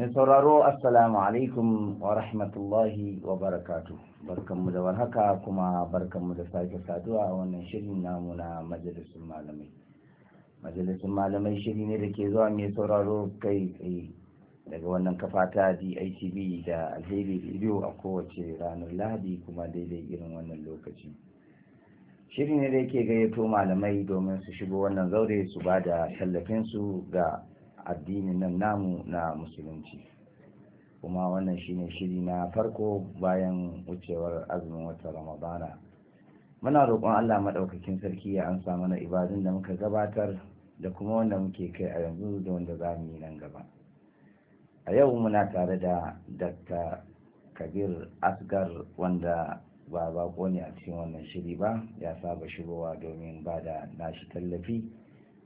mai sauraro assalamu alaikum wa rahmatullahi wa barakatu barkanmu da warhaka kuma barkanmu da sake saduwa a wannan shirin namu na majalisun malamai majalisun malamai shiri ne da ke zuwa mai sauraro kai tsaye daga wannan kafa ta DITV da alheri video a kowace ranar lahadi kuma daidai irin wannan lokaci shiri ne da yake gayyato malamai domin su shigo wannan zaure su ba da tallafinsu ga addinin nan namu na musulunci kuma wannan shine shiri na farko bayan wucewar azumin wata ramadana muna roƙon allah maɗaukakin sarki ya amsa mana ibadun da muka gabatar da kuma wanda muke kai a yanzu da wanda za mu yi nan gaba a yau muna tare da dr kabir asgar wanda ba bako ne a cikin wannan shiri ba ya saba shigowa domin ba da nashi tallafi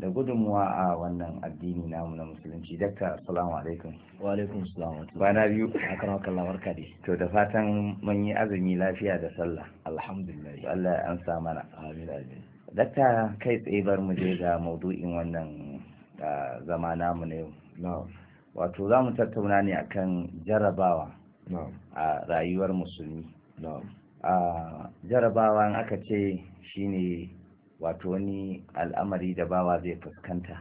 da gudunmuwa a wannan addini namu na musulunci dakta assalamu alaikum wa alaikum salam bana biyu akan wakan lamarka dai to da fatan mun yi azumi lafiya da sallah alhamdulillah Allah ya ansa mana amin amin dakta kai tsaye bar mu je ga maudu'in wannan zama namu na yau wato za mu tattauna ne akan jarabawa a rayuwar musulmi jarabawa aka ce shine wato wani al'amari da bawa zai fuskanta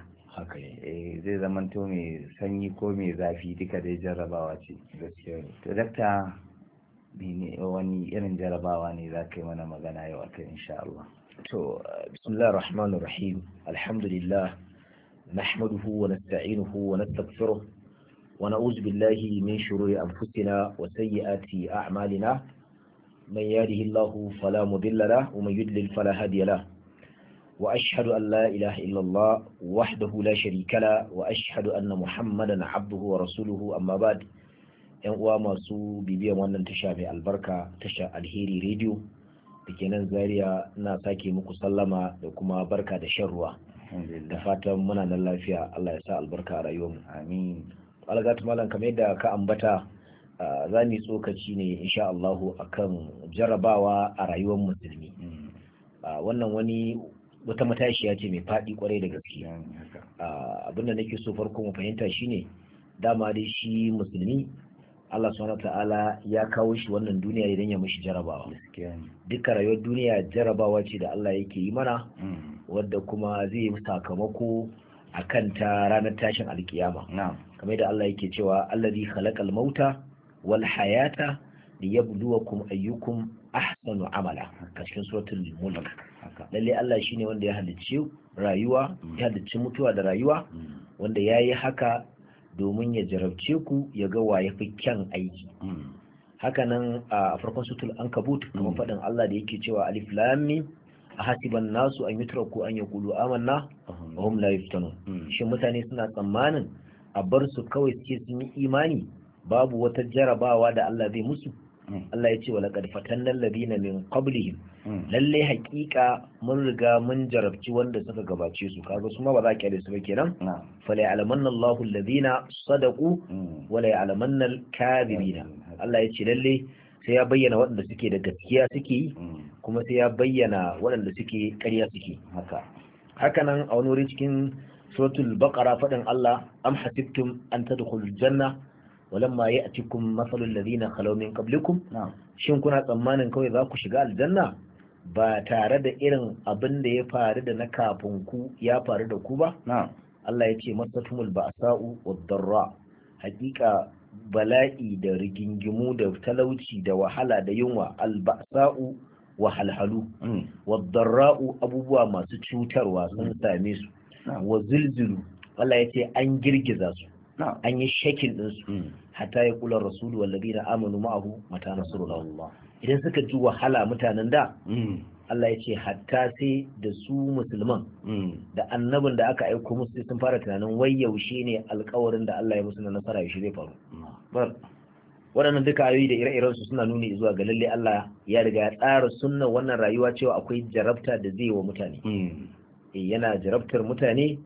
eh, zai zamanto mai sanyi ko mai zafi duka da jarrabawa ce to dakta wani irin jarrabawa ne za ka yi mana magana yau a kan insha Allah to bismillah ar-rahman ar-rahim alhamdulillah nahmaduhu wa nasta'inuhu wa wa na'udhu billahi min shururi anfusina wa sayyiati a'malina man yahdihillahu fala mudilla lahu yudlil fala hadiya وأشهد أن لا إله إلا الله وحده لا شريك له وأشهد أن محمدا عبده ورسوله أما بعد ‘yan uwa masu bibiyan wannan tasha mai albarka tasha alheri rediyo da ke nan zaria na sake muku sallama da kuma barka da shan ruwa da fatan muna nan lafiya allah ya sa albarka a rayuwarmu amin algatu malam kamar yadda ka ambata za mu tsokaci ne insha allahu akan jarabawa a rayuwar musulmi hmm. wannan wani wata matashiya ce mai faɗi kwarai da gaske abin da nake so farko mu fahimta shine dama dai shi musulmi Allah subhanahu ta'ala ya kawo shi wannan duniya idan ya mishi jarabawa duka rayuwar duniya jarabawa ce da Allah yake yi mana mm. wadda kuma zai yi sakamako akan ta ranar tashin alkiyama kamar da Allah yake cewa allazi khalaqal mauta wal hayata liyabluwakum ayyukum ahsanu amala a cikin suratul mulk haka lalle Allah shine wanda ya halicci rayuwa mm. ya halicci mutuwa da rayuwa mm. wanda ya yi haka domin ya jarabce ku ya ga wa ya fi kyan aiki mm. Haka nan a farkon sutul an kabut kuma faɗin Allah da yake cewa alif lam a hasiban nasu an turaku an kulu amanna wa hum la yuftanun shin mutane suna tsammanin a bar su kawai suke sun yi imani babu wata jarabawa da Allah zai musu Hmm. Allah ya ce wa laqad fatanna alladhina min qablihim hmm. lalle haƙiƙa mun riga mun jarabci wanda suka gabace su kaga su ma ba za ka yi su ba kenan fa la ya'lamanna Allahu alladhina sadaqu hmm. wa la ya'lamanna al-kadhibina Allah ya ce lalle sai ya bayyana waɗanda suke da gaskiya suke yi kuma sai ya bayyana waɗanda suke ƙarya suke haka hakanan a wani wuri cikin suratul baqara faɗin Allah am hasibtum an tadkhulul janna walamma ya atikum masalul ladina khalaw min qablikum shin kuna tsammanin kawai za ku shiga aljanna ba tare da irin abin da ya faru da na kafin ku ya faru da ku ba Allah ya ce masatumul ba'sa'u sa'u darra hakika bala'i da rigingimu da talauci da wahala da yunwa al-ba'sa'u wahalhalu mm. wad abubuwa masu cutarwa sun mm. same su wa zilzilu Allah ya ce an girgiza su an yi shakin ɗinsu mm. hatta ya kula rasulu na amanu ma'ahu mata nasrullah idan suka ji wahala mutanen da hmm. Allah ya ce hatta sai da su musulman hmm. da annabin da aka aiko musu sun fara tunanin wai yaushe ne alkawarin da Allah ya musu na nasara yaushe zai faru waɗannan duka ayoyi da ire-iren su suna nuni zuwa ga lalle Allah ya riga ya tsara sunnan wannan rayuwa cewa akwai jarabta da zai wa mutane hmm. eh, yana jarabtar mutane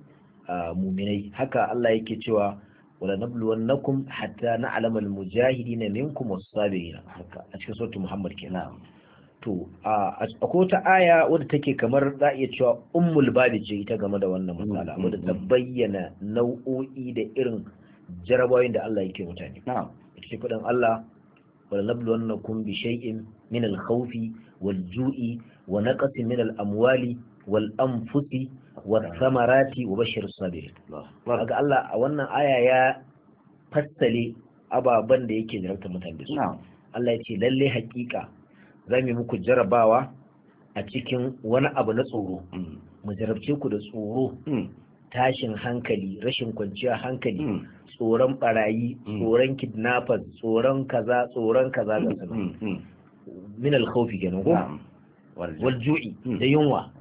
a ah, muminai haka Allah yake cewa wala nabluwannakum hatta na'lamal mujahidina minkum was-sabirin haka a cikin muhammad to a wata aya wadda take kamar za iya cewa ummul babi ce ita game da wannan matsala wadda ta bayyana nau'o'i da irin jarabawoyin da Allah yake mutane na'am ita ce faɗin Allah wala nabluwannakum bi shay'in min al-khawfi wal-ju'i wa naqsin min al-amwali wal-anfusi wa samarati wa bashir sabir kaga Allah a wannan aya ya fassale ababen da yake jarabta mutane su Allah ya ce lalle hakika za mu muku jarabawa a cikin wani abu na tsoro mm. mu jarabce ku da tsoro mm. tashin hankali rashin kwanciya hankali mm. tsoron barayi tsoron kidnappers tsoron kaza tsoron kaza da min alkhawfi kenan ko wal ju'i da yunwa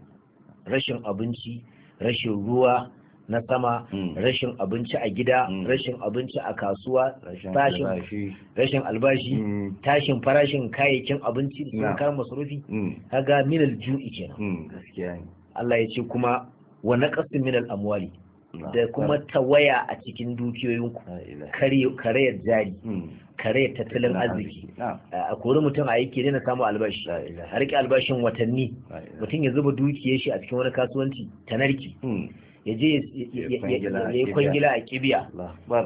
rashin abinci rashin ruwa na sama hmm. rashin abinci a gida hmm. rashin abinci a kasuwa rashin albashi hmm. tashin farashin kayayyakin abinci da sun kayan masarufi kaga minal ju'i kenan Allah ya ce kuma wa naqasin minal amwali da kuma ta waya a cikin dukiyoyinku karayar jari hmm. karayar tattalin arziki a kori mutum a yake daina samun albashi a rike albashin watanni mutum ya zuba dukiyar shi a cikin wani kasuwanci ta narki hmm. ya je ya yi kwangila a kibiya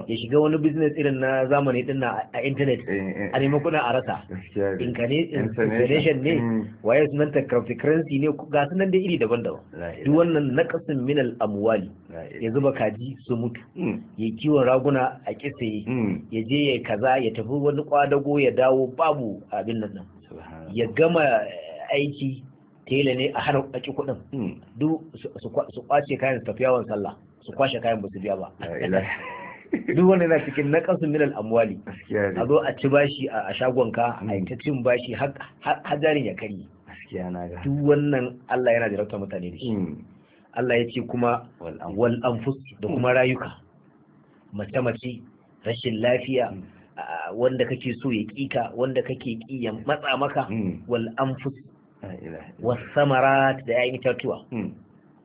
ya shiga wani business irin na zamani din a internet eh, eh, a nemi a rasa incarnation ne mm. waye sunan ta cryptocurrency ne ga sunan da iri daban-daban duk wannan na kasin minal amwali ya zuba kaji su mutu mm. ya kiwon raguna a kisaye mm. ya je ya kaza ya tafi wani kwadago ya dawo babu abin nan ya gama aiki tela ne a har ɗaki kuɗin hmm. duk su kwace kayan tafiyawan sallah su kwashe kayan ba su biya ba duk wanda yana cikin na kasu milal amwali a zo a ci bashi a shagonka a yi hmm. ta cin bashi hajarin ya kari duk wannan Allah yana jarabta mutane da shi hmm. Allah ya ce kuma wal anfus da kuma rayuka mace mace rashin lafiya wanda kake so ya kika wanda kake ki ya matsa maka wal anfus wasamarat da ya yi itatuwa hmm.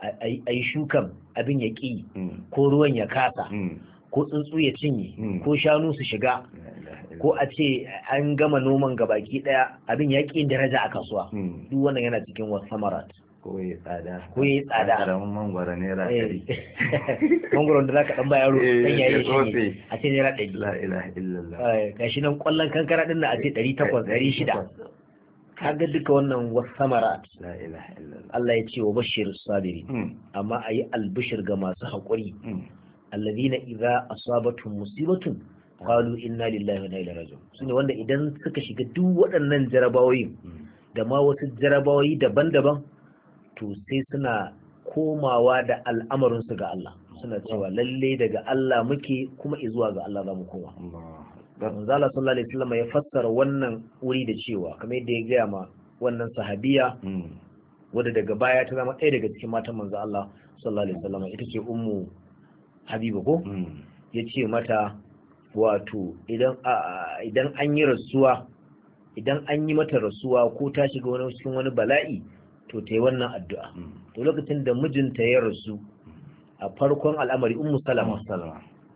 a yi shukan abin ya ƙi hmm. ko ruwan ya kasa hmm. ko tsuntsu ya cinye ko shanu su shiga ko a ce an gama noman gabaki ɗaya abin ya ƙi daraja a kasuwa duk wannan yana cikin wasamarat ko ya yi tsada ko ya tsada karamin mangwara naira eh. ɗari mangwaro da zaka dan ba yaro dan eh, yayi shi a ce naira ɗari la ilaha illallah eh, nan kwallon kankara din na a ce ɗari takwas ɗari shida Ka ga duka wannan wasamarat Allah ya ce wa bashir sabiri hmm. amma a yi albishir ga masu haƙuri hmm. alladina idza asabatun musibatun qalu inna lillahi wa inna ilaihi raji'un sune wanda idan suka shiga duk waɗannan jarabawoyi hmm. da ma wasu jarabawoyi daban-daban to sai suna komawa da al'amarin su ga Allah suna cewa lalle daga Allah muke kuma izuwa ga Allah za mu koma ga manzala sallallahu alaihi wasallam ya fassara wannan wuri da cewa kamar yadda ya gaya ma wannan sahabiya hmm. wadda daga baya ta zama ɗaya daga cikin matan manzo Allah sallallahu alaihi wasallam ita ce ummu habiba ko hmm. ya ce mata wato idan idan an yi rasuwa idan an yi mata rasuwa ko ta shiga wani cikin wani bala'i to ta yi wannan addu'a hmm. to lokacin da mijinta ya rasu a farkon al'amari ummu salama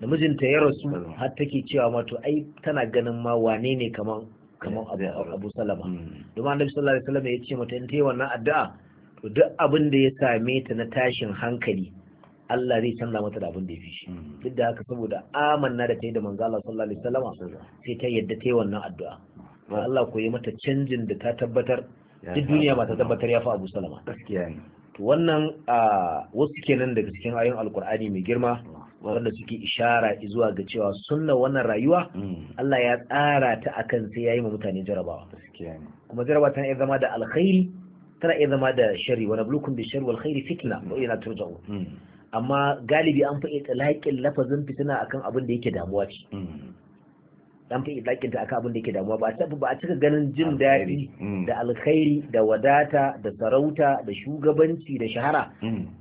da mijinta ya rasu har take cewa mato ai tana ganin ma wane ne kaman kaman abu salama hmm. domin annabi sallallahu alaihi wasallam ya ce mata in tayi wannan addu'a to duk abin da ya same ta na tashin hankali Allah zai canza mata da abin da ya fi shi hmm. duk da haka saboda amanna da ta yi da manzo Allah sallallahu alaihi wasallam sai ta yadda ta yi wannan addu'a Allah ko yi mata canjin da ta tabbatar duk duniya ba ta tabbatar ya fi Abu Salama gaskiya ne to wannan ah, wasu kenan daga cikin ayoyin Alkur'ani mai girma waɗanda suke ishara zuwa ga cewa sunna wannan rayuwa hmm. Allah ya tsara ta akan sai ya yi ma mutane jarabawa kuma jarabawa tana iya zama da alkhairi tana iya zama da shari wa nablukum bi sharri wal khairi fitna wa ila turja'u hmm. amma galibi an faɗi talaƙin lafazin fitina akan abin da yake damuwa ce hmm. an fi ilakin ta akan abin da yake damuwa ba a ba a cika ganin jin daɗi da alkhairi da wadata da sarauta da shugabanci da shahara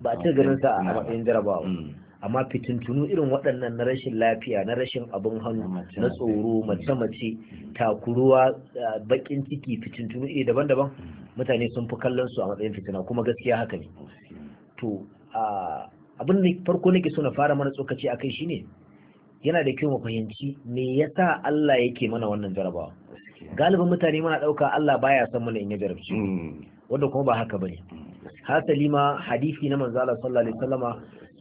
ba a cika ganin sa a matsayin jarabawa amma fitintunu irin waɗannan na rashin lafiya na rashin abin hannu na tsoro mace-mace takuruwa bakin ciki fitintunu iri daban-daban mutane sun fi kallon su a matsayin fitina kuma gaskiya haka ne to abin da farko nake so na fara mana tsokaci a kai shine yana da kyau mu fahimci me yasa Allah yake mana wannan jarabawa galibin mutane muna ɗauka Allah baya son mana in ya jarabci mm. wanda kuma ba haka bane mm. hasali ma hadisi na manzo Allah sallallahu alaihi wasallama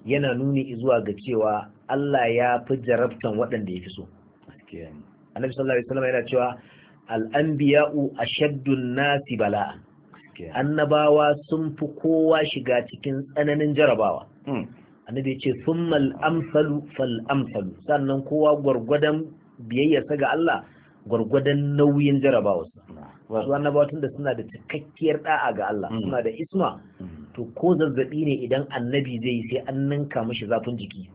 yana nuni zuwa ga cewa Allah ya fi jarabtan waɗanda ya fi so annabi sallallahu alaihi wasallam yana cewa al'anbiya'u ashaddun nasi bala'a annabawa sun fi kowa shiga cikin tsananin jarabawa hmm. annabi ya ce sun mal'amsalu fal'amsalu sannan kowa gwargwadon biyayyarsa ga Allah gwargwadon nauyin jarabawa. wasu annabawa tun da suna da cikakkiyar da'a ga Allah hmm. suna da isma hmm. to ko zazzabi ne idan annabi zai yi sai an ninka mishi zafin jiki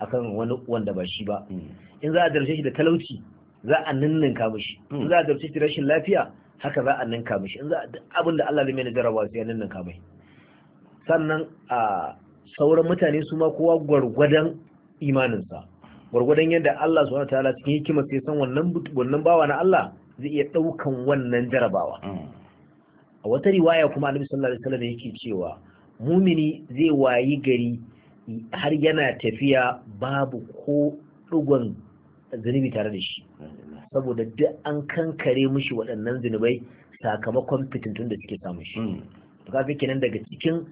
akan wani wanda ba shi ba hmm. in za a darshe shi da talauci za a ninninka mishi in hmm. za a darshe shi da rashin lafiya haka za a ninka mishi in za abin da Allah limai na jarabawa sai ya ninninka mai sannan a sauran mutane su ma kowa gwargwadon imaninsa gwargwadon yadda Allah subhanahu wataala cikin hikima sai san wannan wannan bawa na Allah zai iya daukan wannan jarabawa hmm. a wata riwaya kuma annabi sallallahu alaihi wasallam yake cewa mumini zai wayi gari har yana tafiya babu ko dugon zunubi tare da shi saboda duk an kankare mushi waɗannan zunubai sakamakon fitintun da suke samun shi hmm. kafi nan daga cikin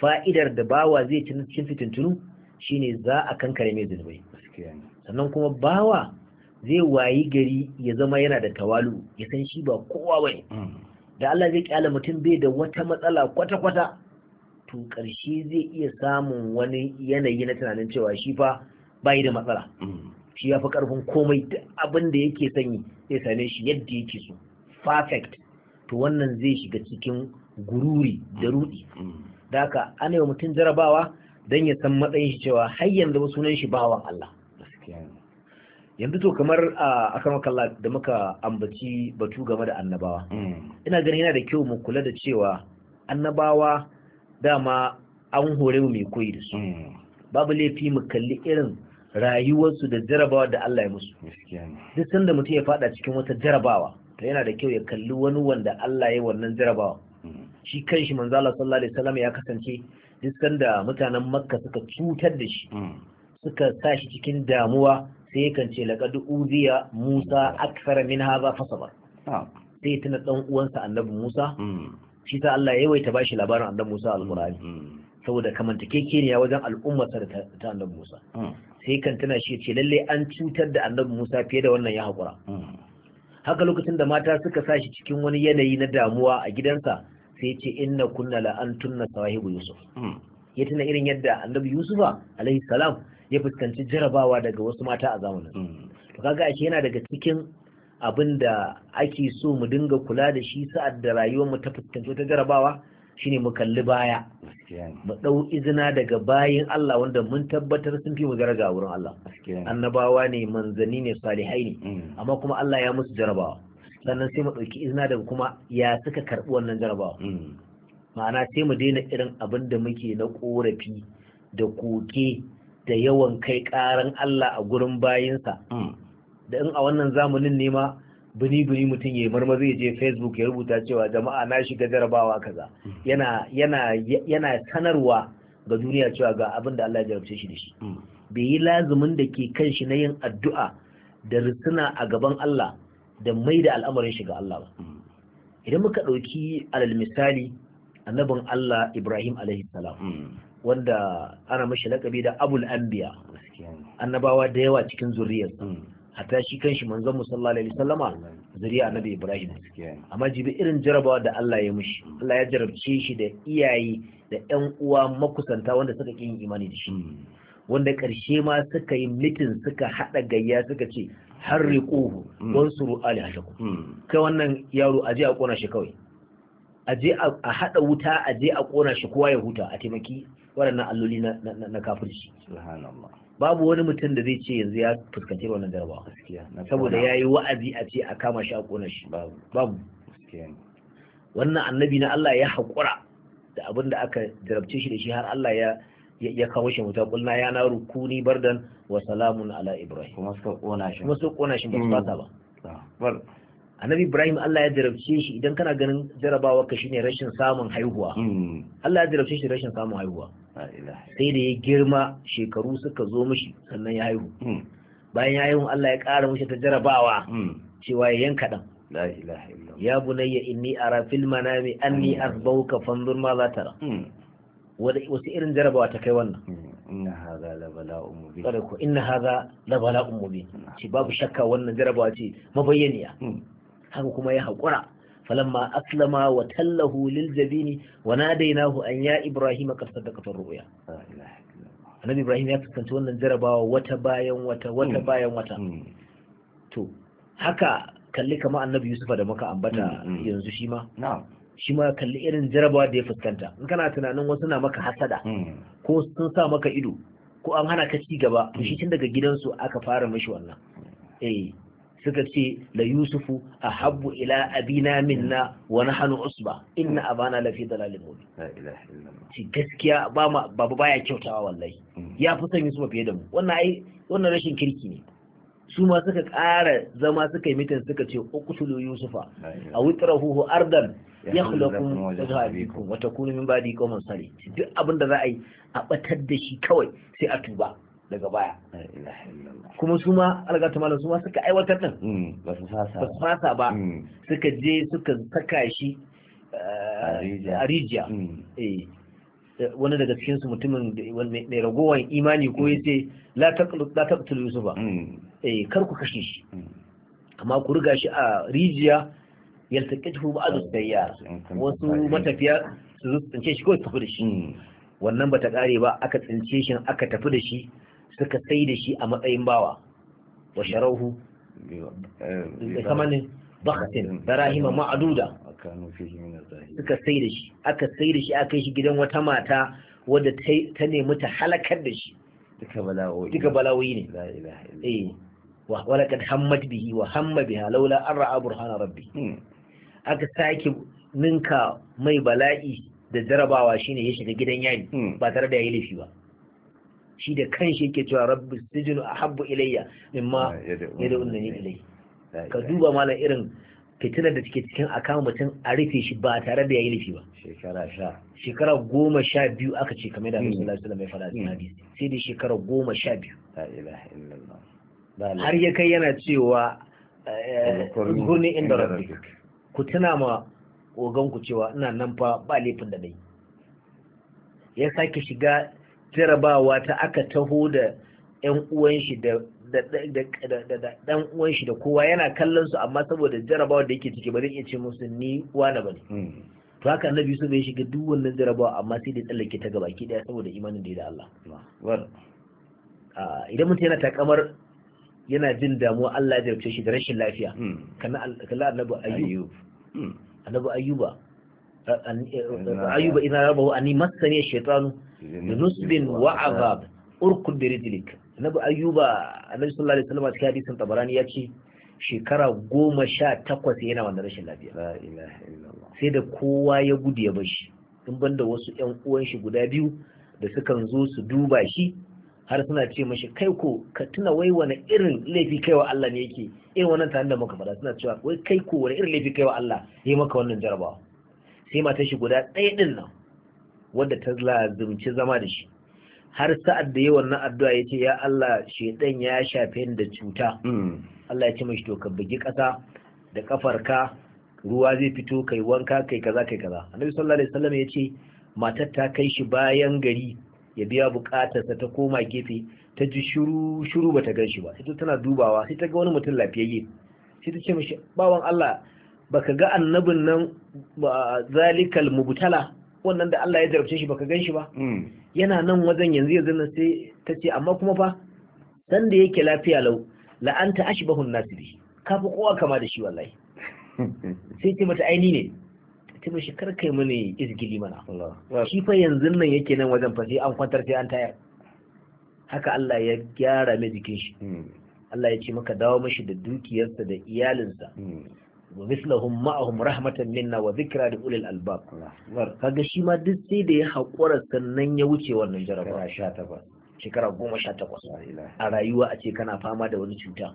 fa'idar da bawa zai ci cikin fitintunu shine za a kankare mai zunubai sannan kuma bawa zai wayi gari ya zama yana da tawalu ya san shi ba kowa bane hmm. da Allah zai kyale mutum bai da wata matsala kwata-kwata to ƙarshe zai iya samun wani yanayi na tunanin cewa shi fa bai da matsala mm. shi ya fi ƙarfin komai da abin da yake sanyi zai same shi yadda yake so perfect to wannan zai shiga cikin gururi da rudi mm. da haka ana yi mutum jarabawa don ya san matsayin shi cewa har yanzu ba sunan shi bawan Allah yanzu to kamar a kalla da muka ambaci batu game da annabawa mm. ina ganin yana da kyau mu kula da cewa annabawa dama an hore mu mai koyi da su mm. babu laifi mu kalli irin rayuwarsu da jarabawa da Allah ya musu duk sanda mutum ya fada cikin wata jarabawa to yana da kyau ya kalli wani wanda Allah ya wannan jarabawa mm. shi kanshi manzo Allah sallallahu alaihi wasallam ya kasance duk sanda mutanen Makka suka cutar da shi suka sa shi cikin damuwa sai kan ce laqad uziya Musa akthara min hadha fasabar ah. sai tuna ɗan uwansa annabi Musa hmm. shi ta Allah yawaita bashi labarin annabi Musa ne. Hmm. saboda kamantakekeniya wajen al'ummar ta annabi Musa hmm. sai kan tana shi ce lalle an cutar da annabi Musa fiye da wannan ya haƙura haka lokacin da mata suka sa shi cikin wani yanayi na damuwa a gidansa sai ce inna kunna la antunna sahibu yusuf ya tana irin yadda annabi yusufa alaihi salam ya fuskanci jarabawa daga wasu mata a zamanin mm. to kaga ashe yana daga cikin abin da ake so mu dinga kula da shi sa'ad da rayuwar mu ta fuskanci wata jarabawa shine mu kalli baya mu dau izina daga bayin Allah wanda mun tabbatar sun fi mu garaga wurin Allah annabawa ne manzanni ne salihai ne mm. amma kuma Allah ya musu jarabawa sannan sai mu dauki izina daga kuma ya suka karbi wannan jarabawa mm. ma'ana sai mu daina irin abin da muke na korafi da koke da yawan kai ƙaran Allah a gurin bayinsa hmm. da in a wannan zamanin nema ma bini mutum ya marmari ya je facebook ya rubuta cewa jama'a na shiga jarabawa kaza hmm. yana sanarwa ga duniya cewa ga abin da Allah ya jarabce shi da shi hmm. bai yi lazumin da ke kan shi na yin addu'a da risuna a gaban Allah da mai da al'amarin shi ga Allah ba idan muka ɗauki alal misali annabin Allah Ibrahim alaihi salam wanda ana mashi lakabi da abul anbiya annabawa da yawa cikin zuriyar hmm. hatta shi shi manzon musalla alaihi sallama zuriya annabi ibrahim amma jibi irin jarabawa da Allah ya mushi hmm. Allah ya jarabce shi da iyaye da ƴan uwa makusanta wanda suka kin imani da shi hmm. wanda ƙarshe ma suka yi mitin suka haɗa gayya suka ce harriquhu wansuru hajaku kai wannan yaro aje a kona shi kawai aje a haɗa wuta aje a kona shi kowa ya huta a taimaki waɗannan alloli na kafirci babu wani mutum da zai ce yanzu ya fuskanci wannan jarabawa saboda ya yi wa'azi a ce a kama shi a ƙona shi babu wannan annabi na Allah ya haƙura da abin da aka jarabce shi da shi har Allah ya ya kawo shi wuta kulna ya na ni bardan wa salamun ala ibrahim kuma suka ƙona shi kuma suka ƙona shi ba su hmm. fata ba ah, annabi ibrahim Allah ya jarabce shi idan kana ganin jarabawa ka shine rashin samun haihuwa hmm. Allah ya jarabce shi rashin samun haihuwa sai da ya girma shekaru suka zo mishi sannan ya haihu hmm. bayan ya haihu Allah ya ƙara mishi ta jarabawa hmm. cewa ya yanka ɗan ya bunayya inni ara fil manami anni hmm. asbauka fanzur ma za ra wasu irin jarabawa ta kai wannan inna haza la bala'un mubin babu shakka wannan jarabawa ce mabayyaniya haka kuma ya haƙura falamma aslama wa tallahu lil jabini wa nadainahu an ya ibrahim qad sadaqata ru'ya annabi ibrahim ya fuskanci wannan jarabawa wata bayan wata wata bayan wata to haka kalli kama annabi yusufa da muka ambata yanzu shi ma shi ma kalli irin jarabawa da ya fuskanta in kana tunanin wasu na maka hasada ko sun sa maka ido ko an hana ka ci gaba to shi tun daga gidansu aka fara mishi wannan eh suka ce la yusufu a habbu ila abina minna wa hannu usba inna abana lafi dalalin mubin ci gaskiya ba ma babu baya kyautawa wallahi mm. ya fi son yusufa fiye da mu wannan rashin kirki ne su ma suka ƙara zama suka yi mitin suka ce uqtulu yusufa a witrahu ardan yakhlakum wajha abikum Wata takunu min ba'di qawman salih duk abin da za a yi a ɓatar da shi kawai sai a tuba daga baya kuma su ma algata malam su ma suka aiwatar din mm, ba su fasa ba mm. suka je suka saka shi eh, a rijiya mm. eh, wani daga cikin su mutumin mai ragowar imani ko ya ce la taqtul yusufa ba eh, kar ku kashe shi amma ku riga shi a rijiya yaltaqithu ba'd sayyar wasu matafiya su tsince shi ko tafi da shi wannan ba ta kare ba aka tsince shi aka tafi da shi suka sai da shi a matsayin bawa wa sharauhu kamar ne bakatin Rahima ma'aduda suka sai da shi aka sai da shi aka yi shi gidan wata mata wadda ta nemi ta halakar da shi duka bala'o'i ne eh, walakad hammat bihi wa hamma biha laula an ra'a burhana rabbi hmm. aka sake ninka mai bala'i da jarabawa shine ya shiga gidan yayi hmm. ba tare da yayi laifi ba shi da kanshi yake cewa rabbi sijinu ahabbu ilayya mimma ah, yad'unani ilai. ka duba malam irin fitinar da take cikin akan mutum a rufe shi ba tare da yayi rufi ba shekara sha shekara goma sha biyu aka ce kamar da Annabi hmm. sallallahu alaihi wasallam ya fara cikin hmm. hadisi sai dai shekara goma sha biyu la ilaha illallah har ya kai yana cewa eh, gurni inda rabbi ku tuna ma ogan ku cewa ina nan fa ba laifin da nayi ya sake shiga jarabawa ta aka taho da yan uwan shi da uwan shi da kowa yana kallon su amma saboda jarabawa da yake ciki ba zai iya ce musu ni wani ne, hmm. to haka annabi Yusuf bai shiga duk wannan jarabawa amma sai da tsallake ta gabaki daya saboda imanin da ya da Allah idan mutum yana takamar yana jin damuwa Allah ya jarabce shi da rashin lafiya hmm. kana annabi Ayyub hmm. annabi Ayyuba ayyuba ina rabahu ani massani ash-shaytanu nusbin wa azab urkud bi rijlik annabi ayyuba annabi sallallahu alaihi wasallam cikin hadisin tabarani ya ce shekara goma sha takwas yana wannan rashin lafiya sai da kowa ya gudu ya bashi in banda wasu ƴan uwan shi guda biyu da sukan zo su duba shi har suna ce mashi kai ko ka tuna wai wani irin laifi kaiwa Allah ne yake irin wannan tare da muka faɗa suna cewa wai kai ko wani irin laifi kaiwa Allah ya maka wannan jarabawa sai matar shi guda ɗaya ɗin nan wadda ta lazumci zama da shi har sa'ad da yawan na addu'a ya ce ya Allah ɗan ya shafe ni da cuta hmm. Allah ya ce mashi to ka bugi ƙasa da ƙafarka ruwa zai fito kai wanka kai kaza kai kaza annabi sallallahu alaihi wasallam ya ce matar ta kai shi bayan gari ya biya bukatarsa ta koma gefe ta ji shuru shuru bata gan shi ba Sai ta tana dubawa sai ta ga wani mutum lafiyayye sai ta ce mishi bawan Allah baka ga annabin nan zalikal mubtala wannan da Allah ya jarabce shi baka gan shi ba hmm. yana nan wajen yanzu yanzu nan sai ta ce amma kuma fa san da yake lafiya lau la'anta ashbahun nasibi ka fi kowa kama da shi wallahi sai ce mata aini ne ta mishi kar kai mini izgili mana shi fa yanzu nan yake nan wajen fa sai an kwantar sai an tayar haka Allah ya gyara mai jikin shi hmm. Allah ya ce maka dawo mashi da dukiyarsa da iyalinsa hmm. wa mislahum ma'ahum rahmatan minna wa zikra da ulil albab kaga shi ma duk sai da ya haƙura sannan ya wuce wannan jarabawa shekara goma sha takwas a rayuwa a ce kana fama da wani cuta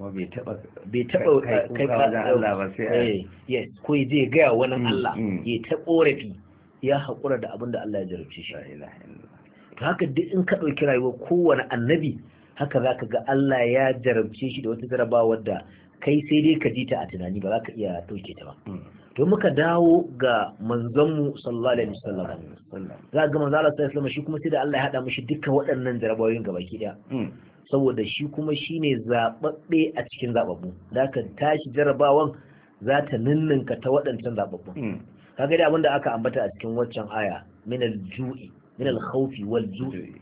bai taba kai kaza Allah ba sai yes ko ya je gaya wani Allah ya ta korafi ya haƙura da abin da Allah ya jarabce shi haka duk in ka dauki rayuwar kowane annabi haka za ka ga Allah ya jarabce shi da wata jarabawa wadda kai sai dai ka ji ta a tunani ba za ka iya ɗauke ta ba hmm. to muka dawo ga manzonmu sallallahu alaihi wasallam za ga manzo Allah sallallahu alaihi shi kuma sai da Allah ya hada mishi dukkan waɗannan jarabawoyin ki daya hmm. saboda shi kuma shine zababbe a cikin zababbu da ka tashi jarabawan za ta ninninka ta waɗancan zababbu hmm. kaga dai abinda aka ambata a cikin waccan aya min al-ju'i min al-khawfi wal-ju'i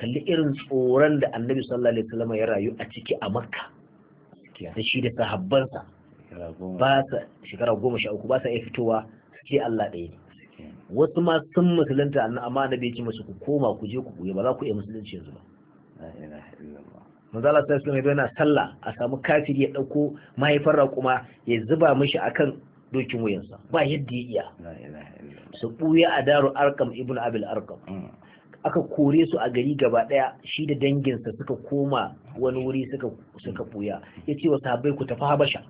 kalli irin tsoron da Annabi sallallahu alaihi wasallam ya rayu a ciki a Makka da shi da sahabbansa ba sa shekara goma sha uku ba sa iya fitowa sai Allah ɗaya ne wasu ma sun musulunta annabi amma na bai ce masu ku koma ku je ku buye ba za ku iya musulunci yanzu ba manzala sai sun yana sallah a samu kafiri ya ɗauko mahaifar raƙuma ya zuba mishi akan dokin wuyansa ba yadda ya iya su buya a daru arkam ibnu abil arkam mm. aka kore su a gari gaba ɗaya shi da danginsa suka koma wani wuri suka ɓuya buya ya ce wa sahabbai ku tafi habasha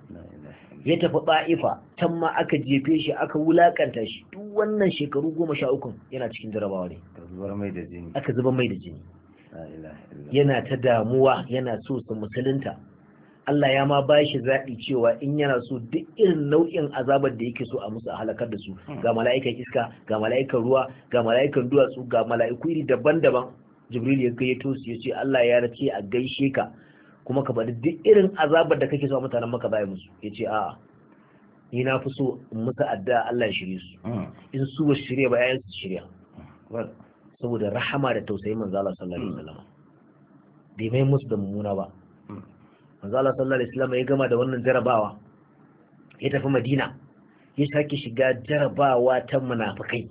ya tafi ba'ifa can ma aka jefe shi aka wulakanta shi duk wannan shekaru goma sha uku yana cikin jarabawa ne aka zuba mai da jini yana ta damuwa yana so su musulunta Allah ya ma ba shi zaɓi cewa in yana so duk irin nau'in azabar da yake so a musu a halakar da su hmm. ga mala'ikan iska ga mala'ikan ruwa ga mala'ikan duwatsu ga mala'iku iri daban-daban jibril ya kai to su ya ce Allah ya race a gaishe ka kuma ka bari duk irin azabar da kake so a mutanen maka baya musu ya ce a'a ni na fi so in musu adda Allah ya shirye su hmm. in su ba shirya ba yayin su shirya hmm. saboda rahama da tausayin manzo Allah sallallahu alaihi wasallam bai mai musu da mummuna ba manzo Allah sallallahu alaihi wasallam ya gama da wannan jarabawa ya tafi Madina ya sake shiga jarabawa ta munafikai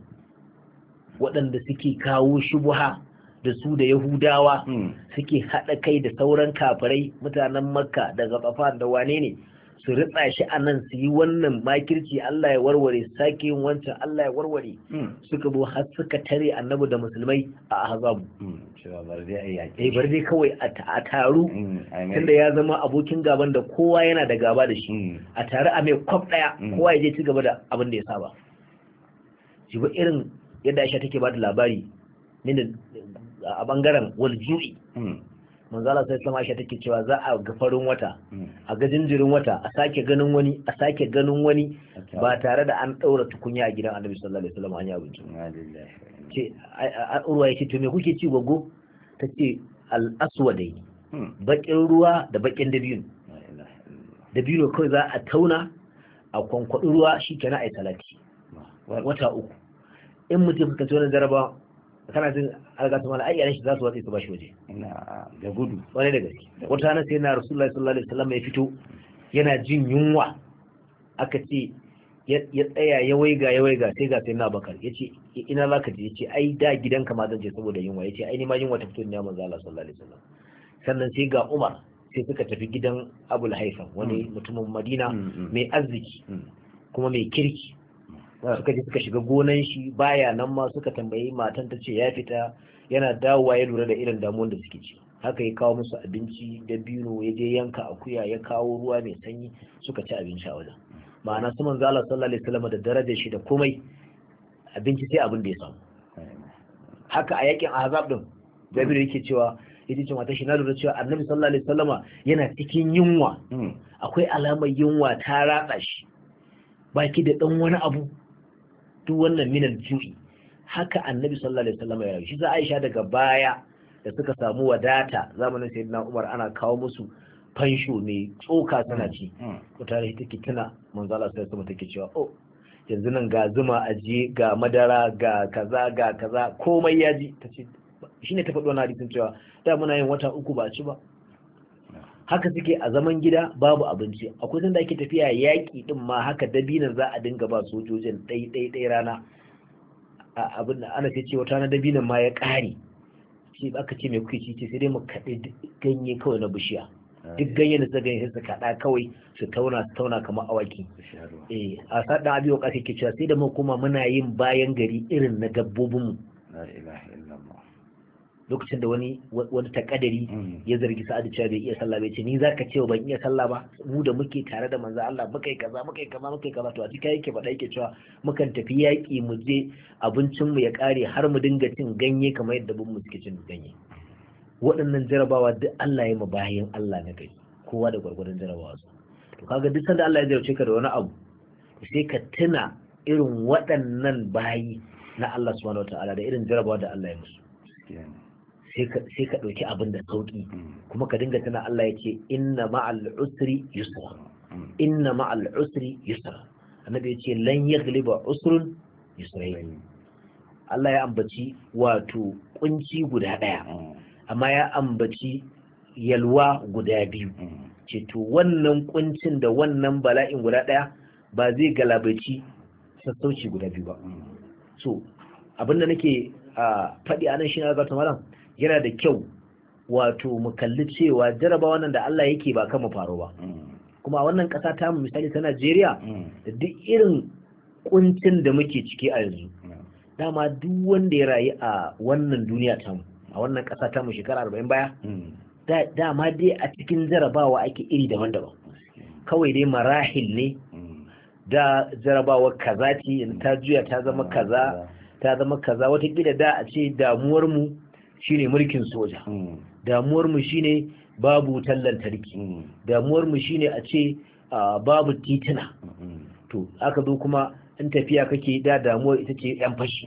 waɗanda suke kawo shubuha da su da Yahudawa hmm. suke haɗa kai da sauran kafirai mutanen Makka daga Zafafan da wane ne su ritsa shi a nan su yi wannan makirci Allah ya warware sake yin wancan Allah ya warware hmm. suka bo har suka tare annabi da musulmai a ahzabu hmm. eh bar dai kawai a taru hmm, tunda ya zama abokin gaban da kowa yana da gaba da shi a tare a mai kwaf daya kowa ya je ci gaba da abin da ya saba shi ba irin yadda Aisha take ba da labari ne a bangaren ju'i manzala sai sama shi take cewa za a ga farin wata hmm. a ga jinjirin wata a sake ganin wani a sake ganin wani ba tare da an daura tukunya a gidan annabi sallallahu alaihi wasallam an yi abinci ce urwa yake to me kuke ci gogo tace al aswadai hmm. bakin ruwa da bakin dabino dabino kai za a tauna a kwankwaɗi ruwa shikenan ai talati wata uku in mutum ka ci wani jarabawa kana jin algatu mala ai yaran shi za su watsi su bashi waje da gudu wani da gaske wata rana sai na rasulullahi sallallahu alaihi wasallam ya fito yana jin yunwa aka ce ya tsaya ya waiga ya waiga sai ga sai na bakar ya ce ina za ka je ya ce ai da gidanka ma zan je saboda yunwa ya ce ai ma yunwa ta fito ne manzo Allah sallallahu alaihi wasallam sannan sai ga Umar sai suka tafi gidan Abul Haifam wani mm. mutumin Madina mm, mm. mai arziki kuma mai kirki suka je suka shiga gonan shi baya nan ma suka tambayi matan ta ce ya fita yana dawowa ya lura da irin damuwar da suke ci haka ya kawo musu abinci da biyu ya je yanka akuya ya kawo ruwa mai sanyi suka ci abinci a wajen ma'ana su manzo Allah sallallahu alaihi wasallam da darajar shi da komai abinci sai abin da ya samu haka a yakin ahzab din Jabir yake cewa yace cewa na lura cewa Annabi sallallahu alaihi wasallama yana cikin yunwa hmm. akwai alamar yunwa ta ratsa shi baki da dan wani abu duk wannan minan ju'i haka annabi sallallahu alaihi wasallam ya rayu shi za Aisha daga baya da suka samu wadata zamanin sayyidina Umar ana kawo musu fansho ne tsoka tana ci mutane mm, mm. take tana manzo Allah sai alaihi take cewa oh yanzu nan ga zuma a ga madara ga kaza ga kaza komai ya ji ta ce ta faɗi na hadisin cewa da muna yin wata uku ba ci ba haka suke a zaman gida babu abinci a kusan da ake tafiya yaƙi din ma haka dabinan za a dinga ba sojojin ɗai ɗai rana abin da ana ce wata na dabinan ma ya ƙare shi aka ce mai kuke shi ce sai dai mu kaɗe ganye kawai na bishiya duk ganye da zagaye ganye su kaɗa kawai su tauna su tauna kamar awaki eh a sadan abiyo ƙasa ke cewa sai da mu kuma muna yin bayan gari irin na dabbobinmu lokacin da wani wani takadari mm. ya zargi sa'ad cewa bai iya sallah bai ce ni zaka cewa ban iya sallah ba mu da muke tare da manzo Allah muka yi kaza muka yi kaza muka yi kaza to a cikin yake faɗa yake cewa mukan tafi yaƙi mu je abincin mu ya ƙare har mu dinga cin ganye kamar yadda bin mu suke cin ganye waɗannan jarabawa duk Allah ya ma bayan Allah na gari kowa da gwargwadon jarabawa su to kaga duk sanda Allah ya jarabce ka da wani abu sai ka tuna irin waɗannan bayi na Allah subhanahu wataala da irin jarabawa da Allah ya musu sai ka ɗauki abin da sauƙi mm. kuma ka dinga tana Allah ya ce inna ma'al usri yusra mm. inna ma'al usri yusra annabi ya ce lan yaghliba usrun yusra Allah ya ambaci wato kunci guda ɗaya mm. amma ya ambaci yalwa guda biyu ce to wannan kuncin da wannan bala'in guda ɗaya ba zai galabaci sassauci guda biyu ba so abin da nake ah, faɗi a nan shi na zata malam yana da kyau wato mu kalli cewa jarabawa wannan da Allah yake ba kama faro ba mm. kuma a wannan ƙasa ta mu misali ta Najeriya mm. da duk irin kuncin da muke ciki a yanzu mm. dama duk wanda ya rayu a wannan duniya ta mu a wannan ƙasa ta mu shekara arba'in baya dama dai a cikin jarabawa ake iri daban-daban kawai dai marahil ne da jarabawa kaza ce ta juya ta zama kaza ta zama kaza kila da a ce damuwar mu shine mulkin soja damuwar mu shine babu wutar lantarki damuwar mu shine a ce babu titina to aka zo kuma in tafiya kake da damuwar ita ce yan fashi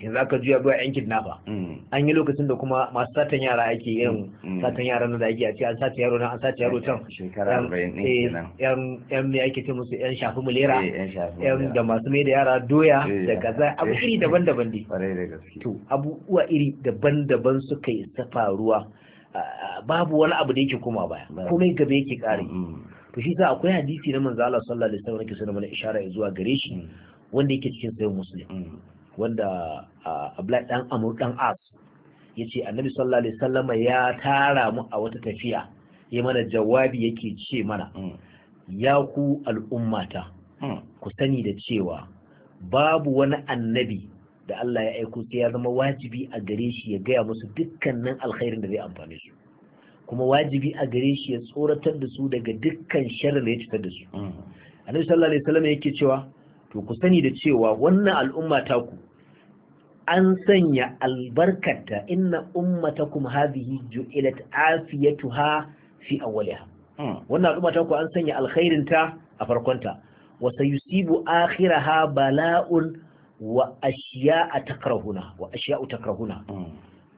yanzu aka juya zuwa yan kidnapper mm. an yi lokacin da kuma masu satan yara ake yin mm, mm. satan yara na da ake a ce an sata yaro nan an sata yaro can shekara 40 eh, yan me ake ce musu yan shafi mulera eh, yan da masu mai da yara doya da kaza abu iri daban-daban ne to abubuwa iri daban-daban suka yi faruwa babu wani abu da yake koma baya komai gaba yake kare to shi sa akwai hadisi na manzo Allah sallallahu alaihi wasallam da ke sanar mana isharar zuwa gare shi wanda yake cikin sayan muslim wanda Abdullahi dan Amur, dan As ce Annabi sallallahu alaihi ya tara mu a wata tafiya ya mana jawabi yake ce mana hmm. ya ku al'ummata hmm. ku sani da cewa babu wani annabi da Allah ya aiko sai ya zama wajibi a gare shi ya gaya musu dukkanin alkhairin da zai amfane su kuma wajibi a gare shi ya tsoratar da su daga dukkan sharri da ya cutar da su hmm. annabi sallallahu alaihi wasallam yake cewa to ku sani da cewa wannan al'umma ta ku an sanya albarkata inna ummatakum hadhihi ju'ilat afiyatuha fi awwaliha hmm. wannan al'umma ta ku an sanya alkhairin ta a farkonta wa sayusibu akhiraha bala'un wa ashiya'a takrahuna wa ashiya'u takrahuna hmm.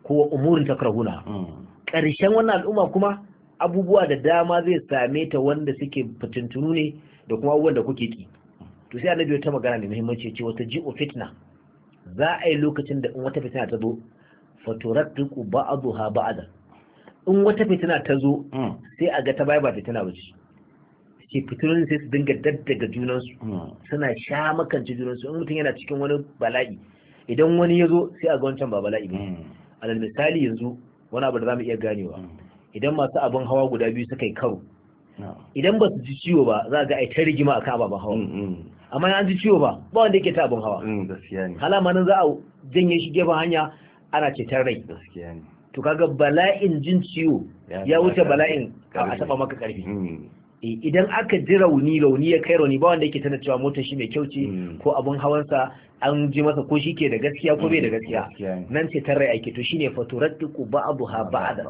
ko umurin takrahuna Karshen hmm. wannan al'umma kuma abubuwa da dama zai same ta wanda suke fitintunu ne da kuma abubuwan da kuke ki to sai annabi ta magana mai muhimmanci ce wata ji'u fitna za a yi lokacin da in wata fitna ta zo faturaddiqu ba'daha ba'da in wata fitina ta zo hmm. sai a ga ta bai ba fitna ba ce ke fitinonin sai su dinga daddaga junansu hmm. suna sha makance junansu in mutum yana cikin wani bala'i idan wani ya zo sai a ga wancan ba bala'i ba hmm. alal misali yanzu wani abu da za mu iya ganewa idan masu abin hawa guda biyu suka yi karo idan ba su ji ciwo ba za a ga ai ta rigima akan ababen hawa amma an ji ciwo ba ba wanda yake ta abun hawa mm, hala ma za a janye shi gefen hanya ana cetar rai to kaga bala'in jin ciwo ya wuce bala'in a taba maka karfi mm. e, idan aka ji rauni rauni ya kai rauni ba wanda yake tana cewa motar shi mai kyau ce mm. ko abun hawansa an ji masa ko shi ke da gaskiya ko bai da gaskiya nan ce tarrai ake to shine ha ba da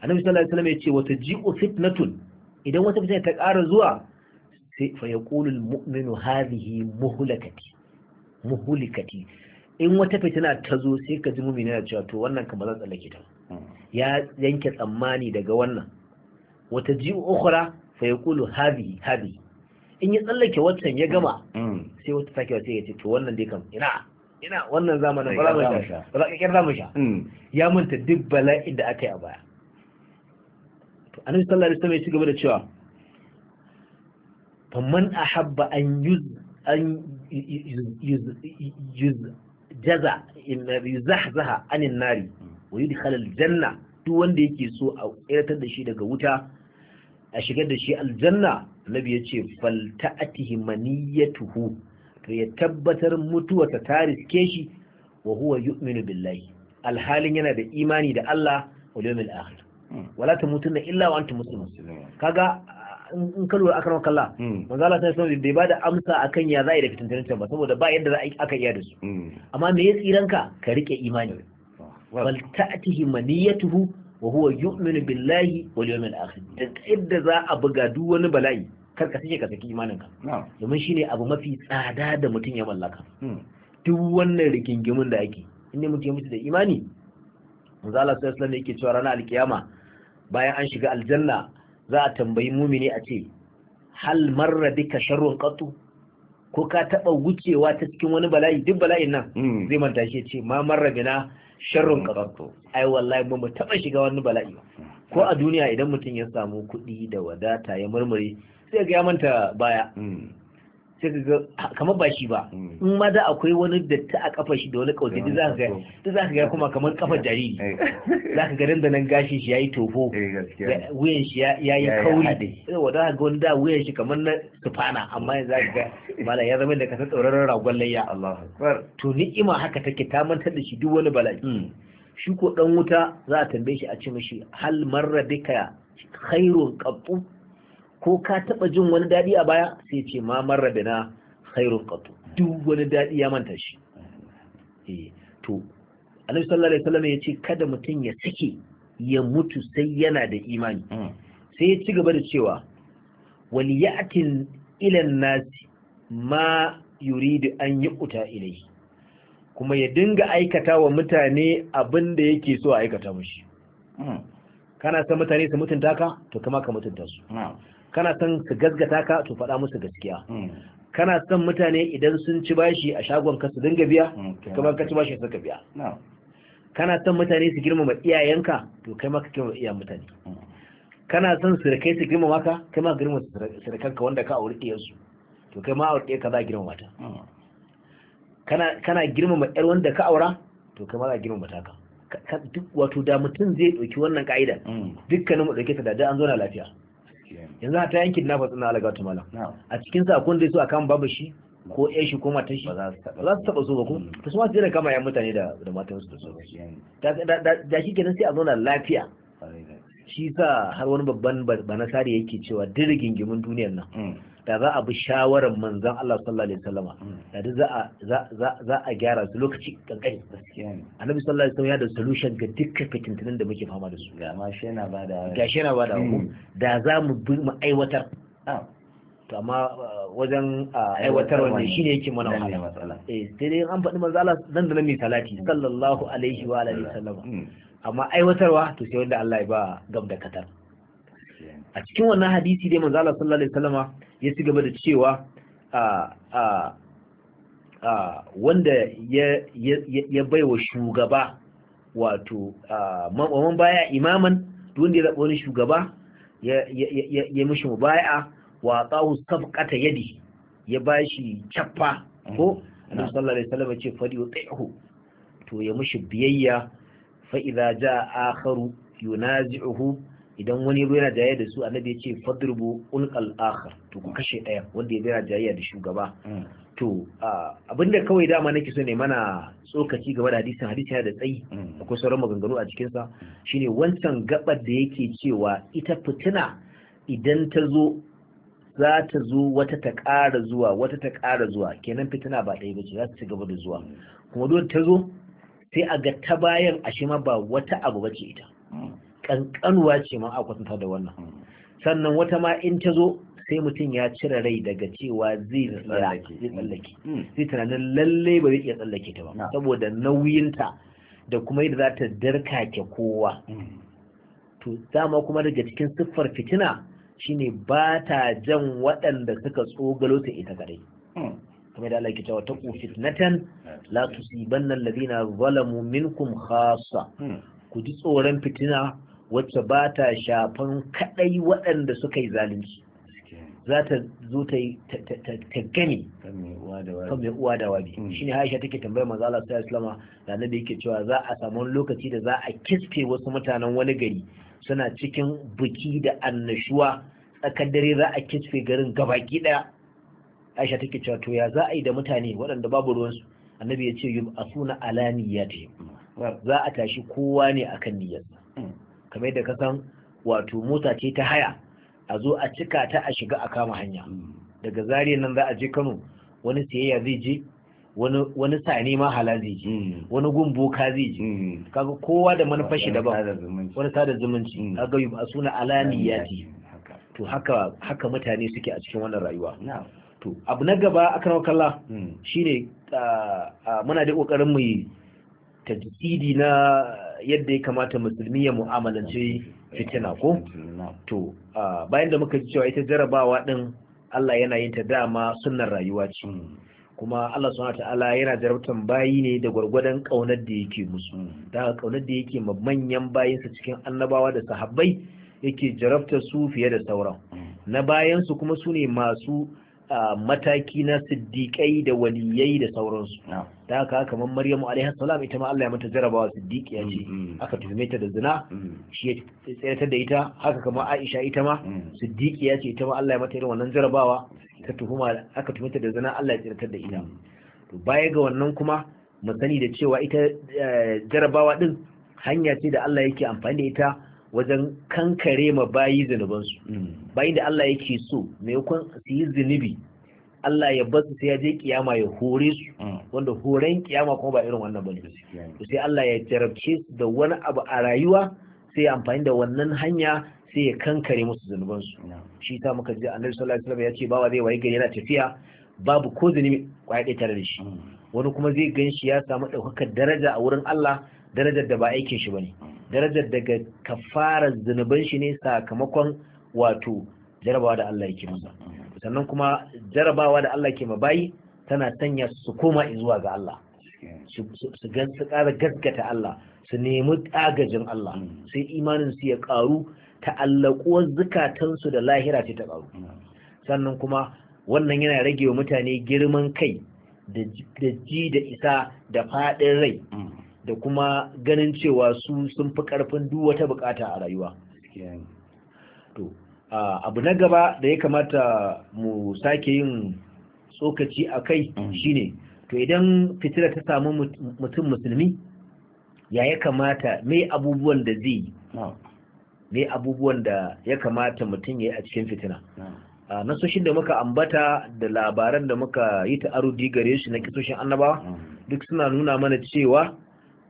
annabi sallallahu alaihi wasallam ya ce wata ji'u fitnatun idan wata fitina ta ƙara zuwa sai fa yaqulu almu'minu hadhihi muhlakati muhlikati in wata fitina ta zo sai ka ji mumini ya cewa to wannan kan ba zan tsallake ta ya yanke tsammani daga wannan wata ji ukhra fa yaqulu hadhihi hadhihi in ya tsallake watan ya gama mm. sai wata take sai ya ce to wannan dai kam ina ina wannan zamanin ba za mu sha ba za mu sha mm. ya manta duk bala'in da aka yi a baya to annabi sallallahu alaihi wasallam ya ci gaba da cewa faman ahabba an yuz an yuz jaza in yuzahzaha anin nari wa yudkhal aljanna duk wanda yake so a tsiratar da shi daga wuta a shigar da shi aljanna nabi ya ce ya tuhu to ya tabbatar mutuwarsa ta riske shi wa huwa yu'minu billahi alhalin yana da imani da Allah wal yawmil akhir hmm. wala tamutunna illa wa antum kaga in ka lura akan kalla hmm. manzo Allah sai sanar bai bada amsa akan ya za'i da fitintunan ba saboda ba yadda za aka iya da su hmm. amma me ya tsiran ka ka rike imani bal eh, ta'tihi maniyatuhu wa huwa yu'minu billahi wal yawmil akhir duk yadda za a buga duk wani bala'i kar ka sake ka saki imanin ka domin shine abu mafi tsada da mutum ya mallaka hmm. duk wannan rigingimin da ake ne mutum ya mutu da imani manzo Allah sai alaihi yake cewa ranar alkiyama bayan an shiga aljanna za a tambayi mumini a ce hal marra bika sharrun qatu ko ka taba wucewa ta cikin wani bala'i duk bala'in nan hmm. zai manta shi ce ma marra bina sharrun hmm. qatu ai wallahi ba mu taba shiga wani bala'i ko a duniya idan mutum ya samu kuɗi da wadata ya murmure sai ga ya manta baya hmm. sai ka ga kamar ba shi ba hmm. in ma da akwai wani datti a kafa shi da wani kauce duk zaka ga duk zaka ga kuma kamar kafar jariri eh. zaka ga nan da nan gashin shi yayi tofo eh, wuyan shi yayi kauri yawa da ga wani da wuyan shi kamar na tufana amma yanzu zaka ga mala ya zama da ka san tsoron ragon layya Allahu akbar to ni'ima haka take ta mantar da shi duk wani bala'i hmm. shi ko dan wuta za a tambaye shi a ce mishi hal marra bika khairun qattu ko ka taɓa jin wani daɗi a baya sai ce ma marra bina khairun qatu duk wani daɗi ya manta shi eh to Annabi sallallahu alaihi wasallam ya kada mutum ya sake ya mutu sai yana da imani hmm. sai ya ci gaba da cewa wal ya'tin ila nasi ma yuridu an yuqta ilayhi kuma ya dinga aikata wa mutane abin da yake so a aikata mushi hmm. kana san mutane su mutunta ka to kama ka mutunta su kana san su gasgata ka to faɗa musu gaskiya hmm. kana san mutane idan sun ci bashi a shagon ka su dinga biya hmm, kamar ka ci bashi su ka biya kana san mutane su girmama iyayenka to kai ma ka girmama iyayen mutane hmm. kana san rike su girmama ka kai ma girmama ka wanda ka auri iyansu to kai ma aure ka za girmama ta kana girmama yar wanda ka aura to kai ma za girmama ta ka wato da mutum zai ɗauki wannan ka'ida mm. dukkanin mu ɗauke ta da an zo na lafiya yanzu ta yankin na na alaga ta malam a cikin sa akwai so su akan babu shi ko ƴan shi ko matan shi ba za su taɓa so ba ko mm. ta su ma su kama ƴan mutane da da matan su da su da shi kenan sai a zauna lafiya shi sa har wani babban banasari yake cewa duk gimin duniyar nan mm. da za a bi shawarar manzan Allah sallallahu alaihi wasallama hmm. da za a gyara su lokaci kankani annabi sallallahu alaihi wasallam ya da solution ga dukkan fitintunan da muke fama da su ga ma shi yana ba da ga shi yana hmm. da za mu bi mu aiwatar ah. to amma uh, wajen uh, aiwatar wannan shine yake mana wahala eh sai dai an faɗi manzo Allah da nan salati hmm. sallallahu alaihi wa alihi wasallama amma aiwatarwa to sai wanda Allah ya ba gam da katar a cikin wannan hadisi dai manzo Allah sallallahu alaihi ya ci gaba da cewa wanda ya baiwa shugaba wato man baya imaman wanda ya wani shugaba ya mishi mubaya wa ƙahu sabkata yadi ya bashi cappa ko mm-hmm. annabi sallallahu alaihi wasallam ce fadi tsaihu to ya mushi biyayya fa idza jaa akharu yunazi'uhu idan wani ya yana jayayya da su annabi ya ce fadrubu ulqal akhar to ku kashe ɗaya wanda ya yana jayayya da shugaba mm. to abinda kawai dama nake so ne mana tsokaci gaba da hadisin hadisi yana da tsayi mm. akwai sauran maganganu a cikin sa shine wancan gabar da yake cewa ita fitina idan ta zo za ta zo wata ta ƙara zuwa wata ta ƙara zuwa kenan fitina ba ɗaya bace za ta ci gaba da zuwa mm. kuma dole ta zo sai a ga ta bayan ashe ma ba wata abu bace ita kankanuwa ce ma a kwatanta da wannan hmm. sannan wata ma in ta zo sai mutum ya cire rai daga cewa zai tsallake hmm. Hmm. zai tunanin lalle ba zai iya tsallake ta ba saboda nauyinta da kuma yadda za ta darkake kowa to dama kuma daga cikin siffar fitina shine ba ta jan waɗanda suka tsogalo ta ita kadai kamar da Allah ke cewa taqu fitnatan la tusibanna alladhina zalamu minkum khassa ku ji tsoron fitina wacce ba ta shafan kadai waɗanda suka yi zalunci za ta zo ta ta gani kan mai uwa da wabi shi ne haisha take tambayar maza Allah sallallahu alaihi da annabi yake cewa za a samu lokaci da za a kiske wasu mutanen wani gari suna cikin buki da annashuwa tsakar dare za a kiske garin gaba daya aisha take cewa to ya za a yi da mutane waɗanda babu ruwansu annabi ya ce a suna ta yi. za a tashi kowa ne akan niyyarsa mm. kamar da ka wato mota ce ta haya a zo a cika ta a shiga a kama hanya daga zari nan za a je kano wani siyayya zai je wani sani ma hala zai je mm. wani gumbo ka zai je mm. kaga kowa da manufar shi daban wani sada zumunci mm. kaga yi suna alaniyati to haka mutane suke a cikin wannan rayuwa to abu na gaba akan kalla shine ah, ah, muna da kokarin mu tajidi na yadda ya kamata musulmi ya mu'amalance fitina ko to bayan da muka ji cewa ita jarabawa din Allah yana yin ta dama sunnar rayuwa ce mm. kuma Allah subhanahu ta'ala yana jarabtan bayi ne da gurgurdan kaunar da yake musu mm. da kaunar da yake ma manyan sa cikin annabawa da sahabbai yake jarabta su fiye da sauran mm. na bayan su kuma su ne masu mataki na siddiƙai da waliyai da sauransu ta haka kamar maryamu alaihi salam ita ma Allah ya mata jarabawa siddiƙiya ce mm, mm. aka tuhume ta da zina mm. shi ya tsayar da ita haka kamar Aisha ita ma siddiƙiya ce ita ma Allah ya mata irin wannan jarabawa ta tuhuma aka tuhume ta da zina Allah ya tsayar da ita to baya ga wannan kuma mu sani da cewa ita eh, jarabawa din hanya ce da Allah yake amfani da ita wajen kankare ma bayi zunubansu hmm. bayi da Allah yake so maimakon su yi zunubi Allah ya basu sai ya je kiyama ya hore su hmm. wanda horen kiyama kuma ba irin wannan bane to sai Allah ya jarabce su da wani abu a rayuwa sai ya amfani da wannan hanya sai ya kankare musu zunubansu hmm. shi ta muka ji annabi sallallahu alaihi wasallam ya ce wa zai waye gari yana tafiya babu ko zunubi kwaya ɗaya tare da shi wani kuma zai gan shi ya samu ɗaukakar daraja a wurin Allah darajar da ba aikin shi bane darajar daga kafarar zunuban shi ne sakamakon wato jarabawa da Allah yake musa sannan kuma jarabawa da Allah ke mabayi tana sanya su koma zuwa ga Allah su ƙara gaskata Allah su nemi agajin Allah sai imanin su ya ƙaru ta'allakuwar zukatansu da lahira ce ta ƙaru sannan kuma wannan yana rage wa mutane girman kai da ji da isa da faɗin rai da kuma ganin cewa su sun fi ƙarfin duk wata bukata a rayuwa to abu na gaba da ya kamata mu sake yin tsokaci a kai mm. shine to idan fitila ta samu mutum musulmi ya ya kamata mai abubuwan da zai abubuwan da ya kamata mutum ya yi a cikin fitina nasoshin da muka ambata da labaran da muka yi ta arudi gare shi na kisoshin annabawa mm. duk suna nuna mana cewa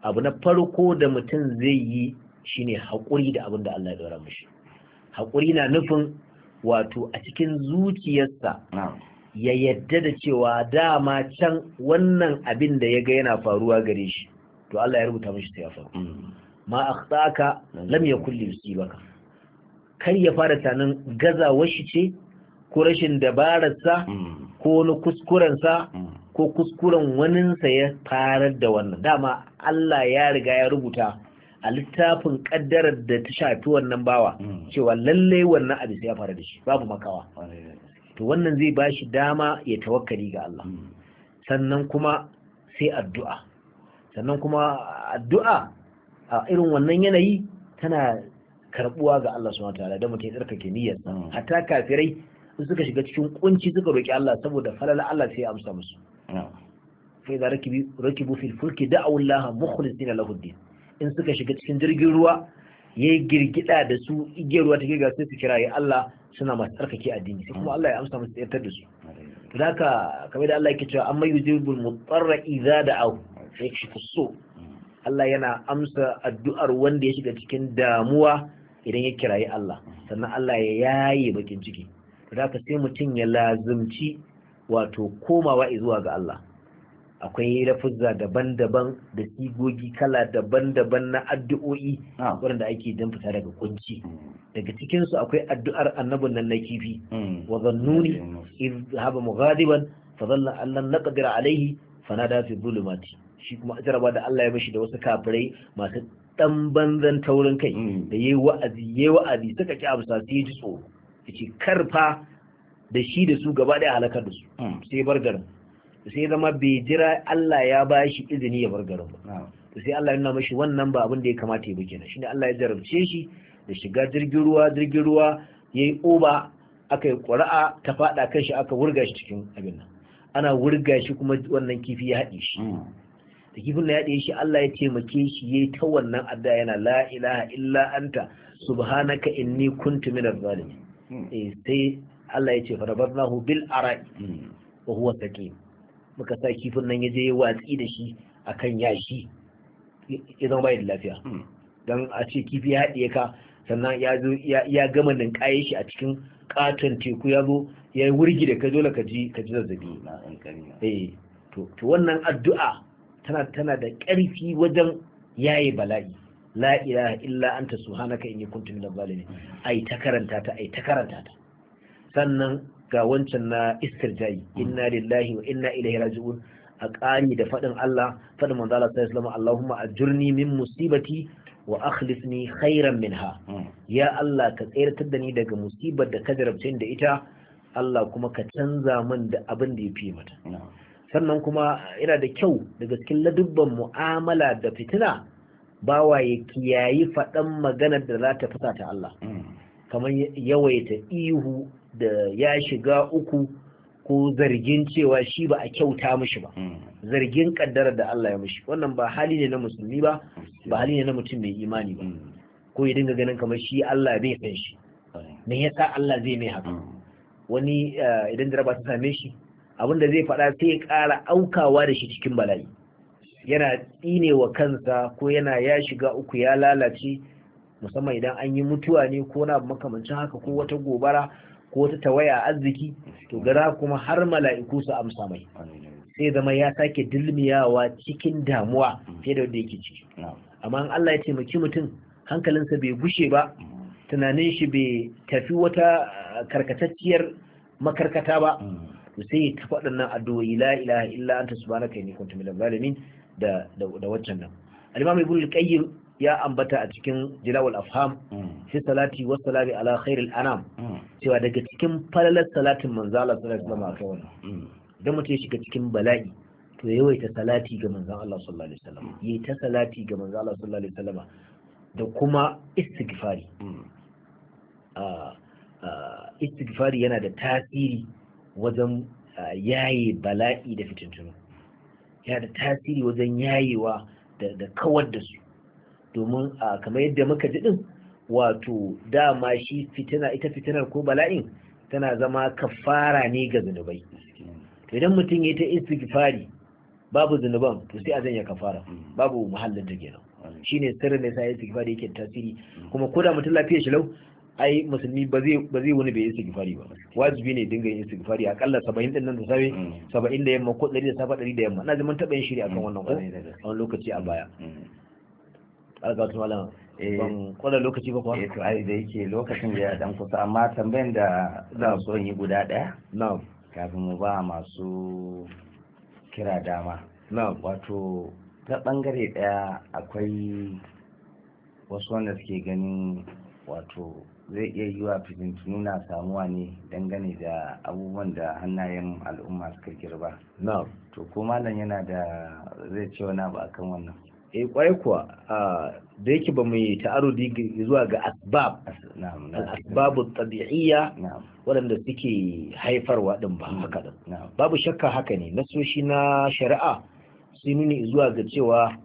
abu na farko da mutum zai yi shine haƙuri da abin da Allah ya dora mishi haƙuri na nufin wato a cikin zuciyarsa ya yadda da cewa dama can wannan abin da ya ga yana faruwa gare shi to Allah ya rubuta mishi ta ya faru mm. ma kulle lam yi baka. kar ya fara tanin gazawar shi ce ko rashin dabararsa mm. ko wani kuskurensa ko kuskuren waninsa ya farar da wannan dama Allah ya riga ya rubuta a littafin kaddarar da ta shafi wannan bawa cewa lallai wannan abu sai ya faru da shi babu makawa to wannan zai ba shi dama ya tawakkali ga Allah hmm. sannan kuma sai addu'a sannan kuma addu'a a irin wannan yanayi tana karbuwa ga Allah subhanahu wataala da mutum ya tsarkake niyyarsa hmm. hatta kafirai suka shiga cikin kunci suka roki Allah saboda falala Allah sai ya amsa musu fa idza rakibu rakibu fil fulki da'u Allah mukhlisina lahu din in suka shiga cikin jirgin ruwa yayi girgida da su igiyar ruwa ta girga sai su kira ya Allah suna masu tsarkake addini sai kuma Allah ya amsa musu tsayar da su haka kamar da Allah yake cewa amma yujibul mutarra idza da'u yakshifu su Allah yana amsa addu'ar wanda ya shiga cikin damuwa idan ya kirayi Allah sannan Allah ya yaye bakin ciki da ka sai mutum ya lazumci wato komawa zuwa ga Allah akwai lafuzza daban-daban da sigogi kala daban-daban na addu'o'i waɗanda ake don fita daga kunci hmm. daga cikinsu akwai addu'ar annabin nan na kifi hmm. wa zannuni idh haba mughadiban fa dhalla an lan naqdir alayhi fanada fi dhulumati shi kuma jaraba da Allah ya mishi da wasu kafirai masu dan banzan taurin kai hmm. da yayi wa'azi yayi wa'azi suka ki amsa sai ji tsoro ce karfa da shi da su gaba daya halakar da su hmm. sai bar garin sai zama bai jira Allah ya ba shi izini ya bar garin ba sai Allah ya nuna mashi wannan ba abinda ya kamata ya bi kenan shine Allah ya jarabce shi da shiga jirgin ruwa jirgin ruwa yayi oba aka yi ƙura'a ta faɗa kan shi aka wurga shi cikin abin nan ana wurga shi kuma wannan kifi ya haɗe shi hmm. da kifin na yaɗe shi Allah ya taimake shi yayi ta wannan adda yana la ilaha illa anta subhanaka inni kuntu minaz zalimin Hmm. Eh, sai Allah ya ce hubil bil ara'i hmm. wa huwa sake muka sa kifin nan ya je watsi da shi akan yashi ya zama lafiya hmm. Don a ce kifi ya haɗe ka sannan ya gama nan kayan shi a cikin katon teku ya zo ya yi wurgi da ka dole ka ji ka ji zazzabi eh, to wannan addu'a tana da ƙarfi wajen yaye bala'i la ilaha illa anta subhanaka inni kuntu minadh zalimin ai ta karanta ta ai ta karanta ta sannan ga wancan na istirja'i inna lillahi wa inna ilaihi raji'un a ƙari da faɗin Allah faɗin manzo Allah sallallahu alaihi Allahumma ajurni min musibati wa akhlifni khairan minha hmm. ya Allah ka tsayar da ni daga musibar da ka jarabce da ita Allah kuma ka canza min da abin da ya fi mata hmm. sannan kuma yana da kyau daga cikin ladubban mu'amala da fitina bawa ya kiyayi faɗan maganar da za ta fusa ta Allah mm. kamar yawaita ihu da ya shiga uku ko zargin cewa shi ba a kyauta mishi ba mm. zargin kaddarar da Allah ya mishi wannan ba hali ne na musulmi ba ba hali ne na mutum mai imani ba mm. ko ya dinga ganin kamar shi Allah bai san shi me yasa Allah zai mai haka wani eh, idan jaraba ta same shi abinda zai faɗa sai ya ƙara aukawa da shi cikin bala'i yana tsine wa kansa ko yana ya shiga uku ya lalace musamman idan an yi mutuwa ne ko na makamancin haka ko wata gobara ko wata tawaya arziki to gara kuma har mala'iku su amsa mai sai zama ya sake dilmiyawa cikin damuwa fiye da wanda yake ci amma Allah ya taimaki mutum hankalinsa bai gushe ba tunanin shi bai tafi wata ah, karkatacciyar makarkata ba mm. to sai ya tafi waɗannan addu'o'i la ilaha illa anta subhanaka inni kuntu minaz zalimin da wancan waccan nan al-imam ibn al-qayyim ya ambata a cikin jilawul afham mm. fi salati wa salami ala khairil anam mm. cewa daga cikin falalar salatin manzo Allah sallallahu alaihi wasallam wannan mm. idan mutum ya shiga cikin bala'i to ta salati ga manzo Allah sallallahu alaihi wasallam yayi ta salati ga manzo Allah sallallahu alaihi wasallam da kuma istighfari istighfari yana da tasiri wajen yaye bala'i da fitintunu yana da tasiri wajen yayewa da kawar da su domin a kamar yadda muka ji din wato dama shi fitina ita fitinar ko bala'in tana zama kafara ne ga zunubai to idan mutum ya ta istighfari babu zunuban to sai a zanya kafara babu muhallin da gina shine sirrin da sai istighfari yake tasiri kuma ko da mutum lafiya shi lau ai musulmi ba zai wani bai yi istighfari ba wajibi ne dinga yin istighfari akalla saba'in din nan da safe mm. saba'in da yamma ko dari da safe dari da yamma na zaman taɓa yin shiri akan mm. wannan ko a wani lokaci a baya mm. alga tun malam eh. ban kwada lokaci ba kuwa eh to ai da yake lokacin ya dan kusa amma tambayan da za su yi guda daya na'am kafin mu ba masu kira dama na'am wato ta bangare daya akwai wasu wanda suke ganin wato zai iya yiwa fitintunu na samuwa ne dangane da abubuwan da hannayen al'umma suka girba to ko malam yana da zai ce wani abu akan wannan e eh, kwai kuwa da yake ba mai ta'arudi zuwa ga asbab asbabu tabi'iyya waɗanda suke haifarwa din ba haka da babu shakka haka ne nasoshi na shari'a sun nuni zuwa ga cewa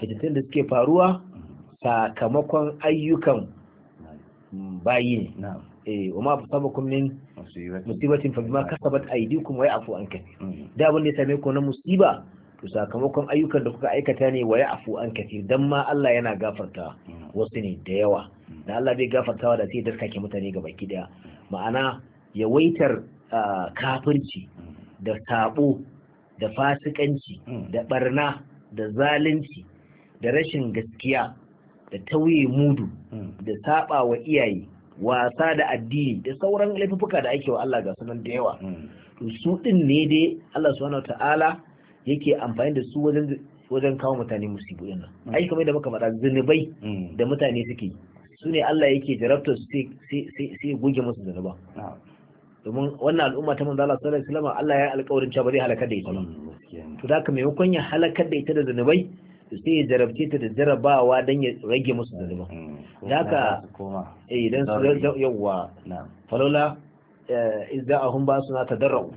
fitintun da suke faruwa mm-hmm. sakamakon ayyukan Mm, bayi ne eh wa sabu kun min musibatin fa bima kasabat aydikum wa ya'fu an kathir mm. da abin ya same ku na musiba to sakamakon ayyukan da kuka aikata ne wa ya'fu an kathir dan ma Allah yana gafarta mm. wasu ne da yawa da Allah bai gafartawa da sai daska ke mutane ga baki daya ma'ana yawaitar kafirci da sabo da fasikanci da barna da zalunci da rashin gaskiya da tauye mudu hmm. da saba wa iyaye wasa da addini da sauran laifuka da ake wa Allah ga sunan da yawa hmm. to su din ne dai Allah subhanahu ta'ala yake amfani da su wajen wajen kawo mutane musibu din nan hmm. ai kamar da muka faɗa zunubai da mutane suke yi su ne Allah yake jarabtar su sai sai goge musu zunuba ah. domin wannan al'umma ta manzo Allah sallallahu alaihi wasallam Allah ya alƙawarin cewa ba zai halaka da ita ba to da haka maimakon ya halakar da ita da zunubai sai ya jarabce ta da jarabawa don ya rage musu eh, zuba. Eh, da ka eh, idan su yawwa falola izda ahun ba suna ta darau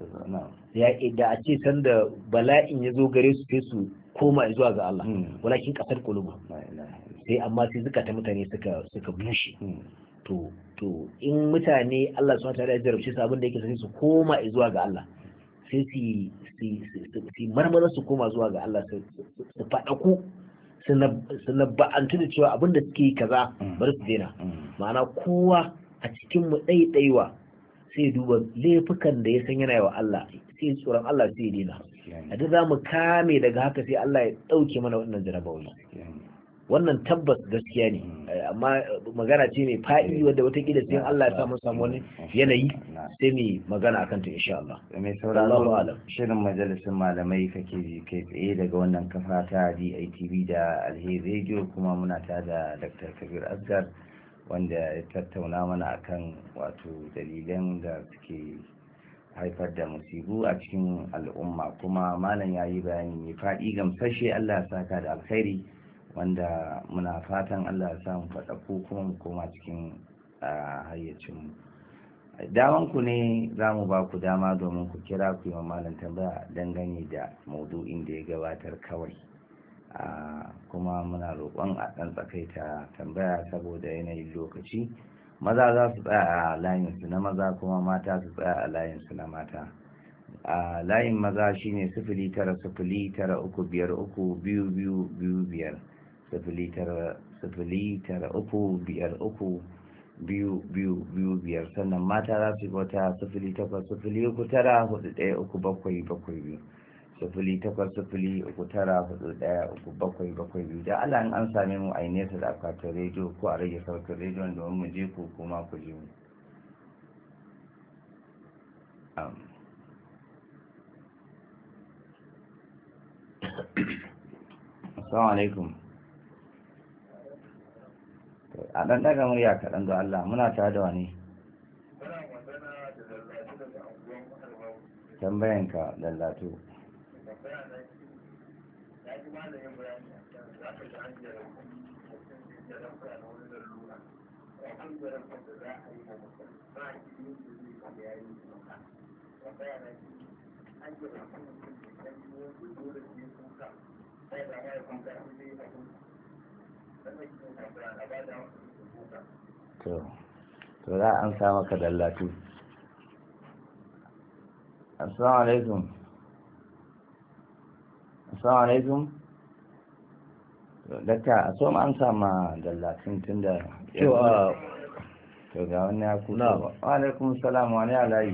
ya da a ce sanda bala'in ya zo gare su fi su koma zuwa ga Allah hmm. walakin kasar kulubu. sai amma sai ta mutane suka suka bushe hmm. to to in mutane Allah subhanahu wa da ya jarabce su abin da yake sai su koma zuwa ga Allah sai su su marmara su koma zuwa ga Allah su faɗaku su labba'antu da cewa abinda suke yi kaza mm. bari su daina mm. ma'ana kowa a cikin mu ɗaiɗaiwa sai duba laifukan da ya san yana wa Allah sai tsoron Allah sai daina a da za mu kame daga haka sai Allah ya ɗauke mana wannan jarabawai wannan tabbas gaskiya ne hmm. eh, amma magana ce mai faɗi eh. wadda watakila sai Allah ya samu samu wani yanayi sai mai magana akan ta insha Allah mai sauraro shirin majalisin malamai kake ji kai tsaye daga wannan kafa ta DITV da Alheri Radio kuma muna ta da Dr. Kabir Azgar wanda ya tattauna mana akan wato dalilan da suke haifar da musibu a cikin al'umma kuma malam ya yi bayani mai faɗi gamsashe Allah ya saka da alkhairi wanda muna fatan allah ya samu ku kuma mu koma cikin hayyacin hayyacinmu ku ne za mu ba ku dama domin ku kira ku yi malam tambaya dangane da maudu'in da ya gabatar kawai kuma muna roƙon a ɗan tsakaita tambaya saboda yanayin lokaci maza za su tsaya a layinsu na maza kuma mata su tsaya a layinsu na mata a layin maza shine sifili tara sifili tara uku biyar uku biyu biyu biyu biyar sifili tara uku biyar uku biyu biyu biyu biyar sannan mata za su bauta sifili takwas sifili uku tara hudu ɗaya uku bakwai bakwai biyu sifili takwas sifili uku tara hudu ɗaya uku bakwai bakwai biyu da Allah in an same mu a yi nesa da akwatin rediyo ko a rage sautin rediyon domin mu je ku kuma ku je mu. Assalamu alaikum. a ɗan ɗaga murya kaɗan ga Allah muna tare da wani tambayanka lallatu Thank you. to za an sa maka dallatu assalamu alaikum assalamu alaikum daga a so an sama ma dallatun tun da to ga wani ya kusa wa alaikum salam wani alayi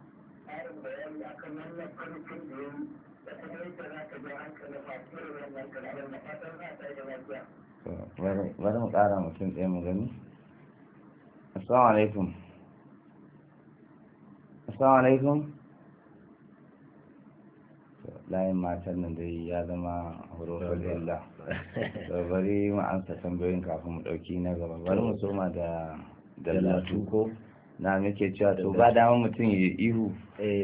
ƙarin bayani a kan wannan da da kuma yadda za ka wannan fatan za ta yi lafiya. bari mu ƙara mutum ɗaya mu gani assalamu alaikum assalamu alaikum layin matan nan dai ya zama hurufar lalla bari mu amsa tambayoyin kafin mu ɗauki na gaba bari mu soma da dallatu ko na muke cewa to ba dama mutum ya ihu eh.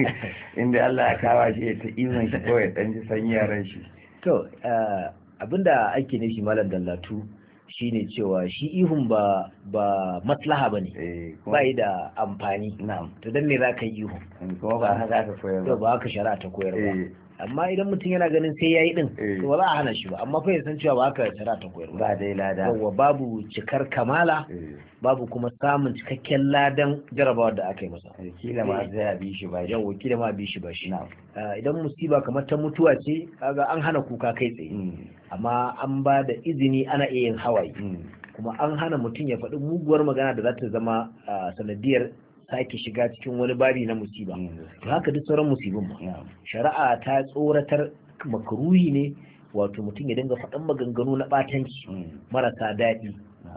inda Allah ya kawo shi ta ihun shi ko ya dan ji yaran shi to eh, abinda ake nufi malam dallatu shine cewa shi ihun ba ba maslaha bane eh, ba yi da amfani na'am to dan me za ka yi ihu kuma ba haka ka koyar ba ba shari'a ta koyar ba amma idan mutum yana ganin sai ya yi din to eh. ba za a hana shi ba amma fa ya san cewa ba ka shari'a ta koyar ba dai lada yawa babu cikar kamala eh. babu kuma samun cikakken ladan jarabawar da aka yi masa eh, kila ma zai bi shi ba yawa kila ma bi shi ba shi ah, idan musiba kamar ta mutuwa ce kaga an hana kuka kai tsaye mm. amma an ba da izini ana iya yin hawaye mm. kuma an hana mutum ya faɗi muguwar magana da za ta zama ah, sanadiyar sake shiga cikin wani babi na musiba mm, to haka duk sauran musibin ma shari'a ta tsoratar makaruhi ne wato mutum ya dinga faɗan maganganu na ɓatanci mm. marasa daɗi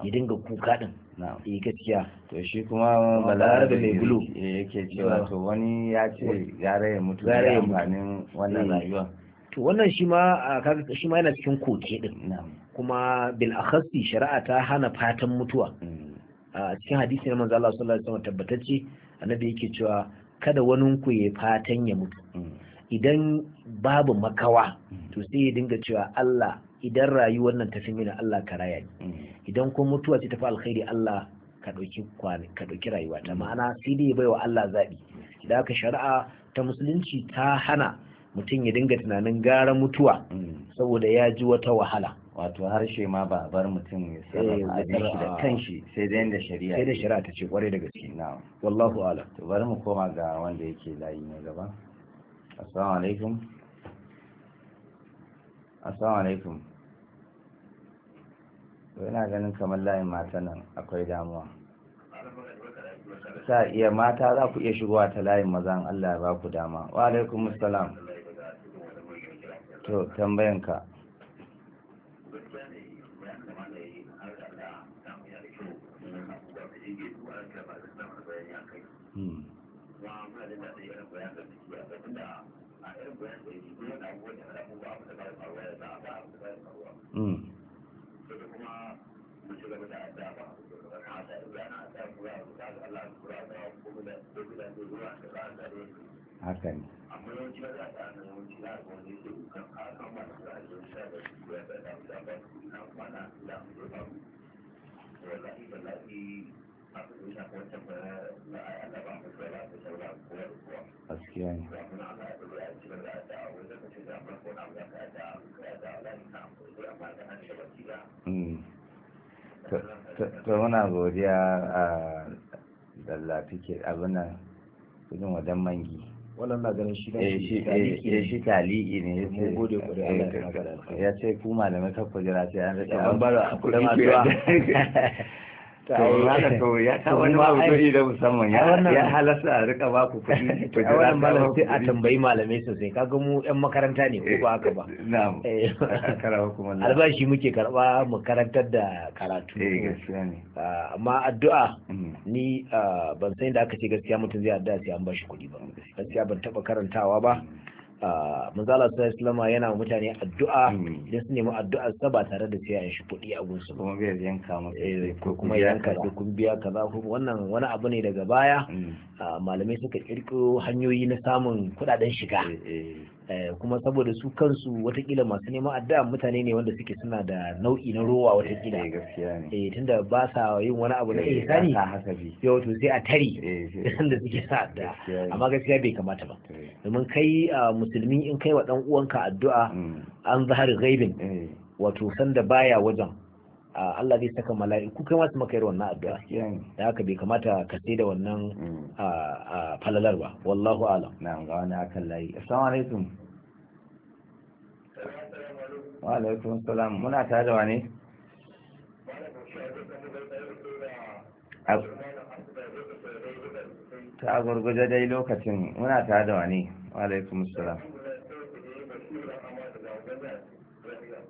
ya dinga kuka ɗin eh gaskiya to shi kuma da mai bulu eh, yake cewa to wani ya ce ya raya mutu ya amfanin wannan eh. rayuwa to wannan shi ma shi ma yana cikin koke din kuma bil akhasi shari'a ta hana fatan mutuwa mm. a cikin hadisi na manzo Allah sallallahu alaihi wasallam tabbatacce annabi yake cewa kada wani ku ya fatan ya mutu mm. idan babu makawa mm. to sai ya dinga cewa Allah idan rayuwar nan ta fi mini Allah ka raya ni mm. idan ko mutuwa ce ta fi alkhairi Allah ka ɗauki ka dauki rayuwa ta ma'ana sai dai baiwa Allah zaɓi da aka shari'a ta musulunci ta hana mutum ya dinga tunanin gara mutuwa saboda ya ji wata wahala wato harshe ma ba a bar mutum ya eh, sarrafa abin shi da kanshi sai da yanda shari'a sai da shari'a ta ce kware da gaske na wallahu ala to bari mu koma ga wanda yake layi ne gaba assalamu alaikum assalamu alaikum to ina ganin kamar layin mata nan akwai damuwa sa iya mata za ku iya shigowa ta layin mazan Allah ya ba ku dama wa alaikum assalam to tambayanka da a ana haka ne amma yawanci ba za a wani ta hmm. muna godiya a dallafi ke abinan kudin wajen mangi wadanda ganin shi ne eh, shi eh, eh, tali'i ne ya ce gode ya ce ku malamai kan kujera sai an rike an baro a kudin addu'a to ya ta wani mawudu'i da musamman ya halasta a rika ba ku kuɗi a wannan malam sai a tambayi malamai sosai kaga mu yan makaranta ne ko ba haka ba eh, na'am eh. albashi muke karba mu karantar da karatu eh, ah, amma addu'a mm-hmm. ni ah, ban san da aka ce gaskiya mutum zai addu'a sai an bashi kuɗi ba mm. gaskiya ban taba karantawa ba mm. manzala sallallahu alaihi yana mutane addu'a hmm. idan su nemi addu'a sa ba tare da sai an shi kuɗi a gunsu kuma bai yanka eh, ko kuma yanka kun biya kaza ko wannan wani abu ne daga baya hmm. malamai suka kirkiro hanyoyi na samun kuɗaɗen shiga eh, eh. Eh, kuma saboda su kansu watakila masu neman addu'a mutane ne wanda suke suna da nau'i na rowa watakila eh, eh tunda ba sa yin wani abu na eh, ihsani yau to sai a tari da suke sa addu'a amma gaskiya bai kamata ba domin kai ah, musulmi in kai wa dan uwanka addu'a mm. an zahar ghaibin wato sanda baya wajen ah, Allah zai saka mala'iku kai masu maka wannan addu'a da haka bai kamata ka sai da wannan mm. ah, falalar ba wallahu alam na'am ga wani akan layi assalamu alaikum wa alaikun salam muna ta da wane ta gurguje dai lokacin muna ta da wane wa alaikun salam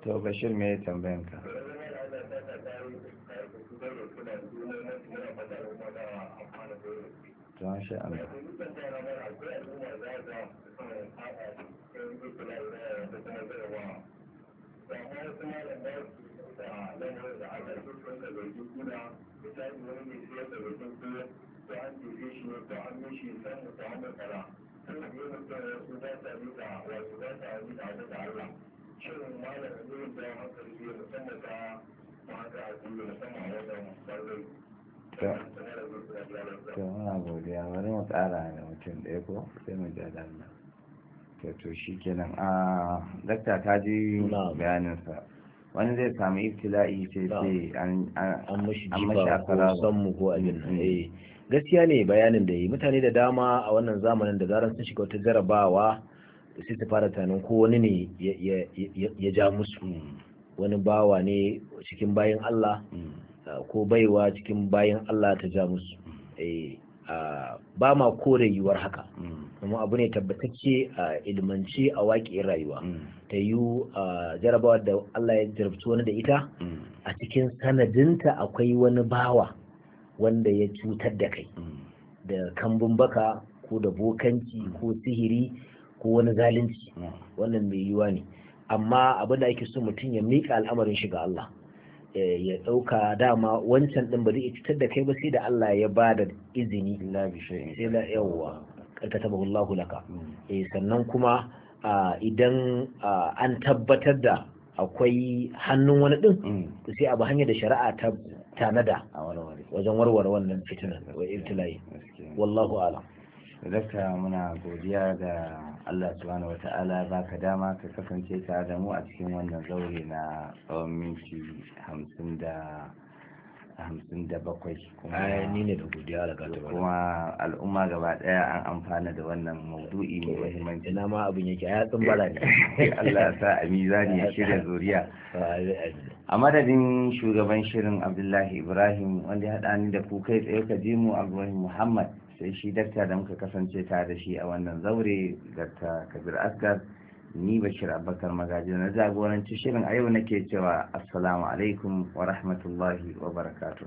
to bashir me tambayan Allah shirin malam zai da hankali zai musamman ta mata a cikin musamman a wajen barzai ta muna ta bari mu kara da mutum ta ko sai mu ja da to shi kenan a ah, dakta ta ji bayaninsa wani zai samu ibtila'i sai sai an mashi jifa ko sammu ko abin mm-hmm. eh, gaskiya ne bayanin da yi mutane da dama a wannan zamanin da zaran sun shiga wata jarabawa sai ta fara tunanin ko wani ne ya ja musu mm. wani bawa ne cikin bayan Allah mm. ah, ko baiwa cikin bayan Allah ta ja musu mm. eh, ba ma kore yiwuwar haka mm. kuma abu ne tabbatacce a ilmanci a waƙiyar rayuwa mm. ta yi jarabawa da Allah ya jarabci wani da ita mm. a cikin sanadinta akwai wani bawa wanda ya cutar da kai da kambun baka ko da bokanci ko sihiri ko wani zalunci wannan mai yiwuwa ne amma abin da ake so mutum ya miƙa al'amarin shi ga Allah Eh, ya ɗauka dama wancan ɗin ba zai cutar da kai ba sai da Allah ya ba da izini sai la yawwa kataba Allahu laka mm. eh, sannan kuma idan an tabbatar da akwai hannun wani ɗin mm. to sai abu hanyar da shari'a ta tanada wajen warware wannan fitinan wa ibtila'i wallahu alam dakta muna godiya ga Allah subhanahu ta'ala ba ka dama ka kasance ka da mu a cikin wannan zaure na tsawon minti hamsin da hamsin da bakwai kuma al'umma gaba daya an amfana da wannan maudu'i mai muhimmanci na ma abin yake ya ne Allah ya sa a mizani ya shirya zuriya a madadin shugaban shirin Abdullahi Ibrahim wanda ya haɗa ni da ku kai tsaye ka ji mu Abdullahi Muhammad sai shi dakta da muka kasance ta da shi a wannan zaure dakta kabir asgar ni bashir abubakar magaji na jagoranci shirin a yau nake cewa assalamu alaikum wa rahmatullahi wa barakatu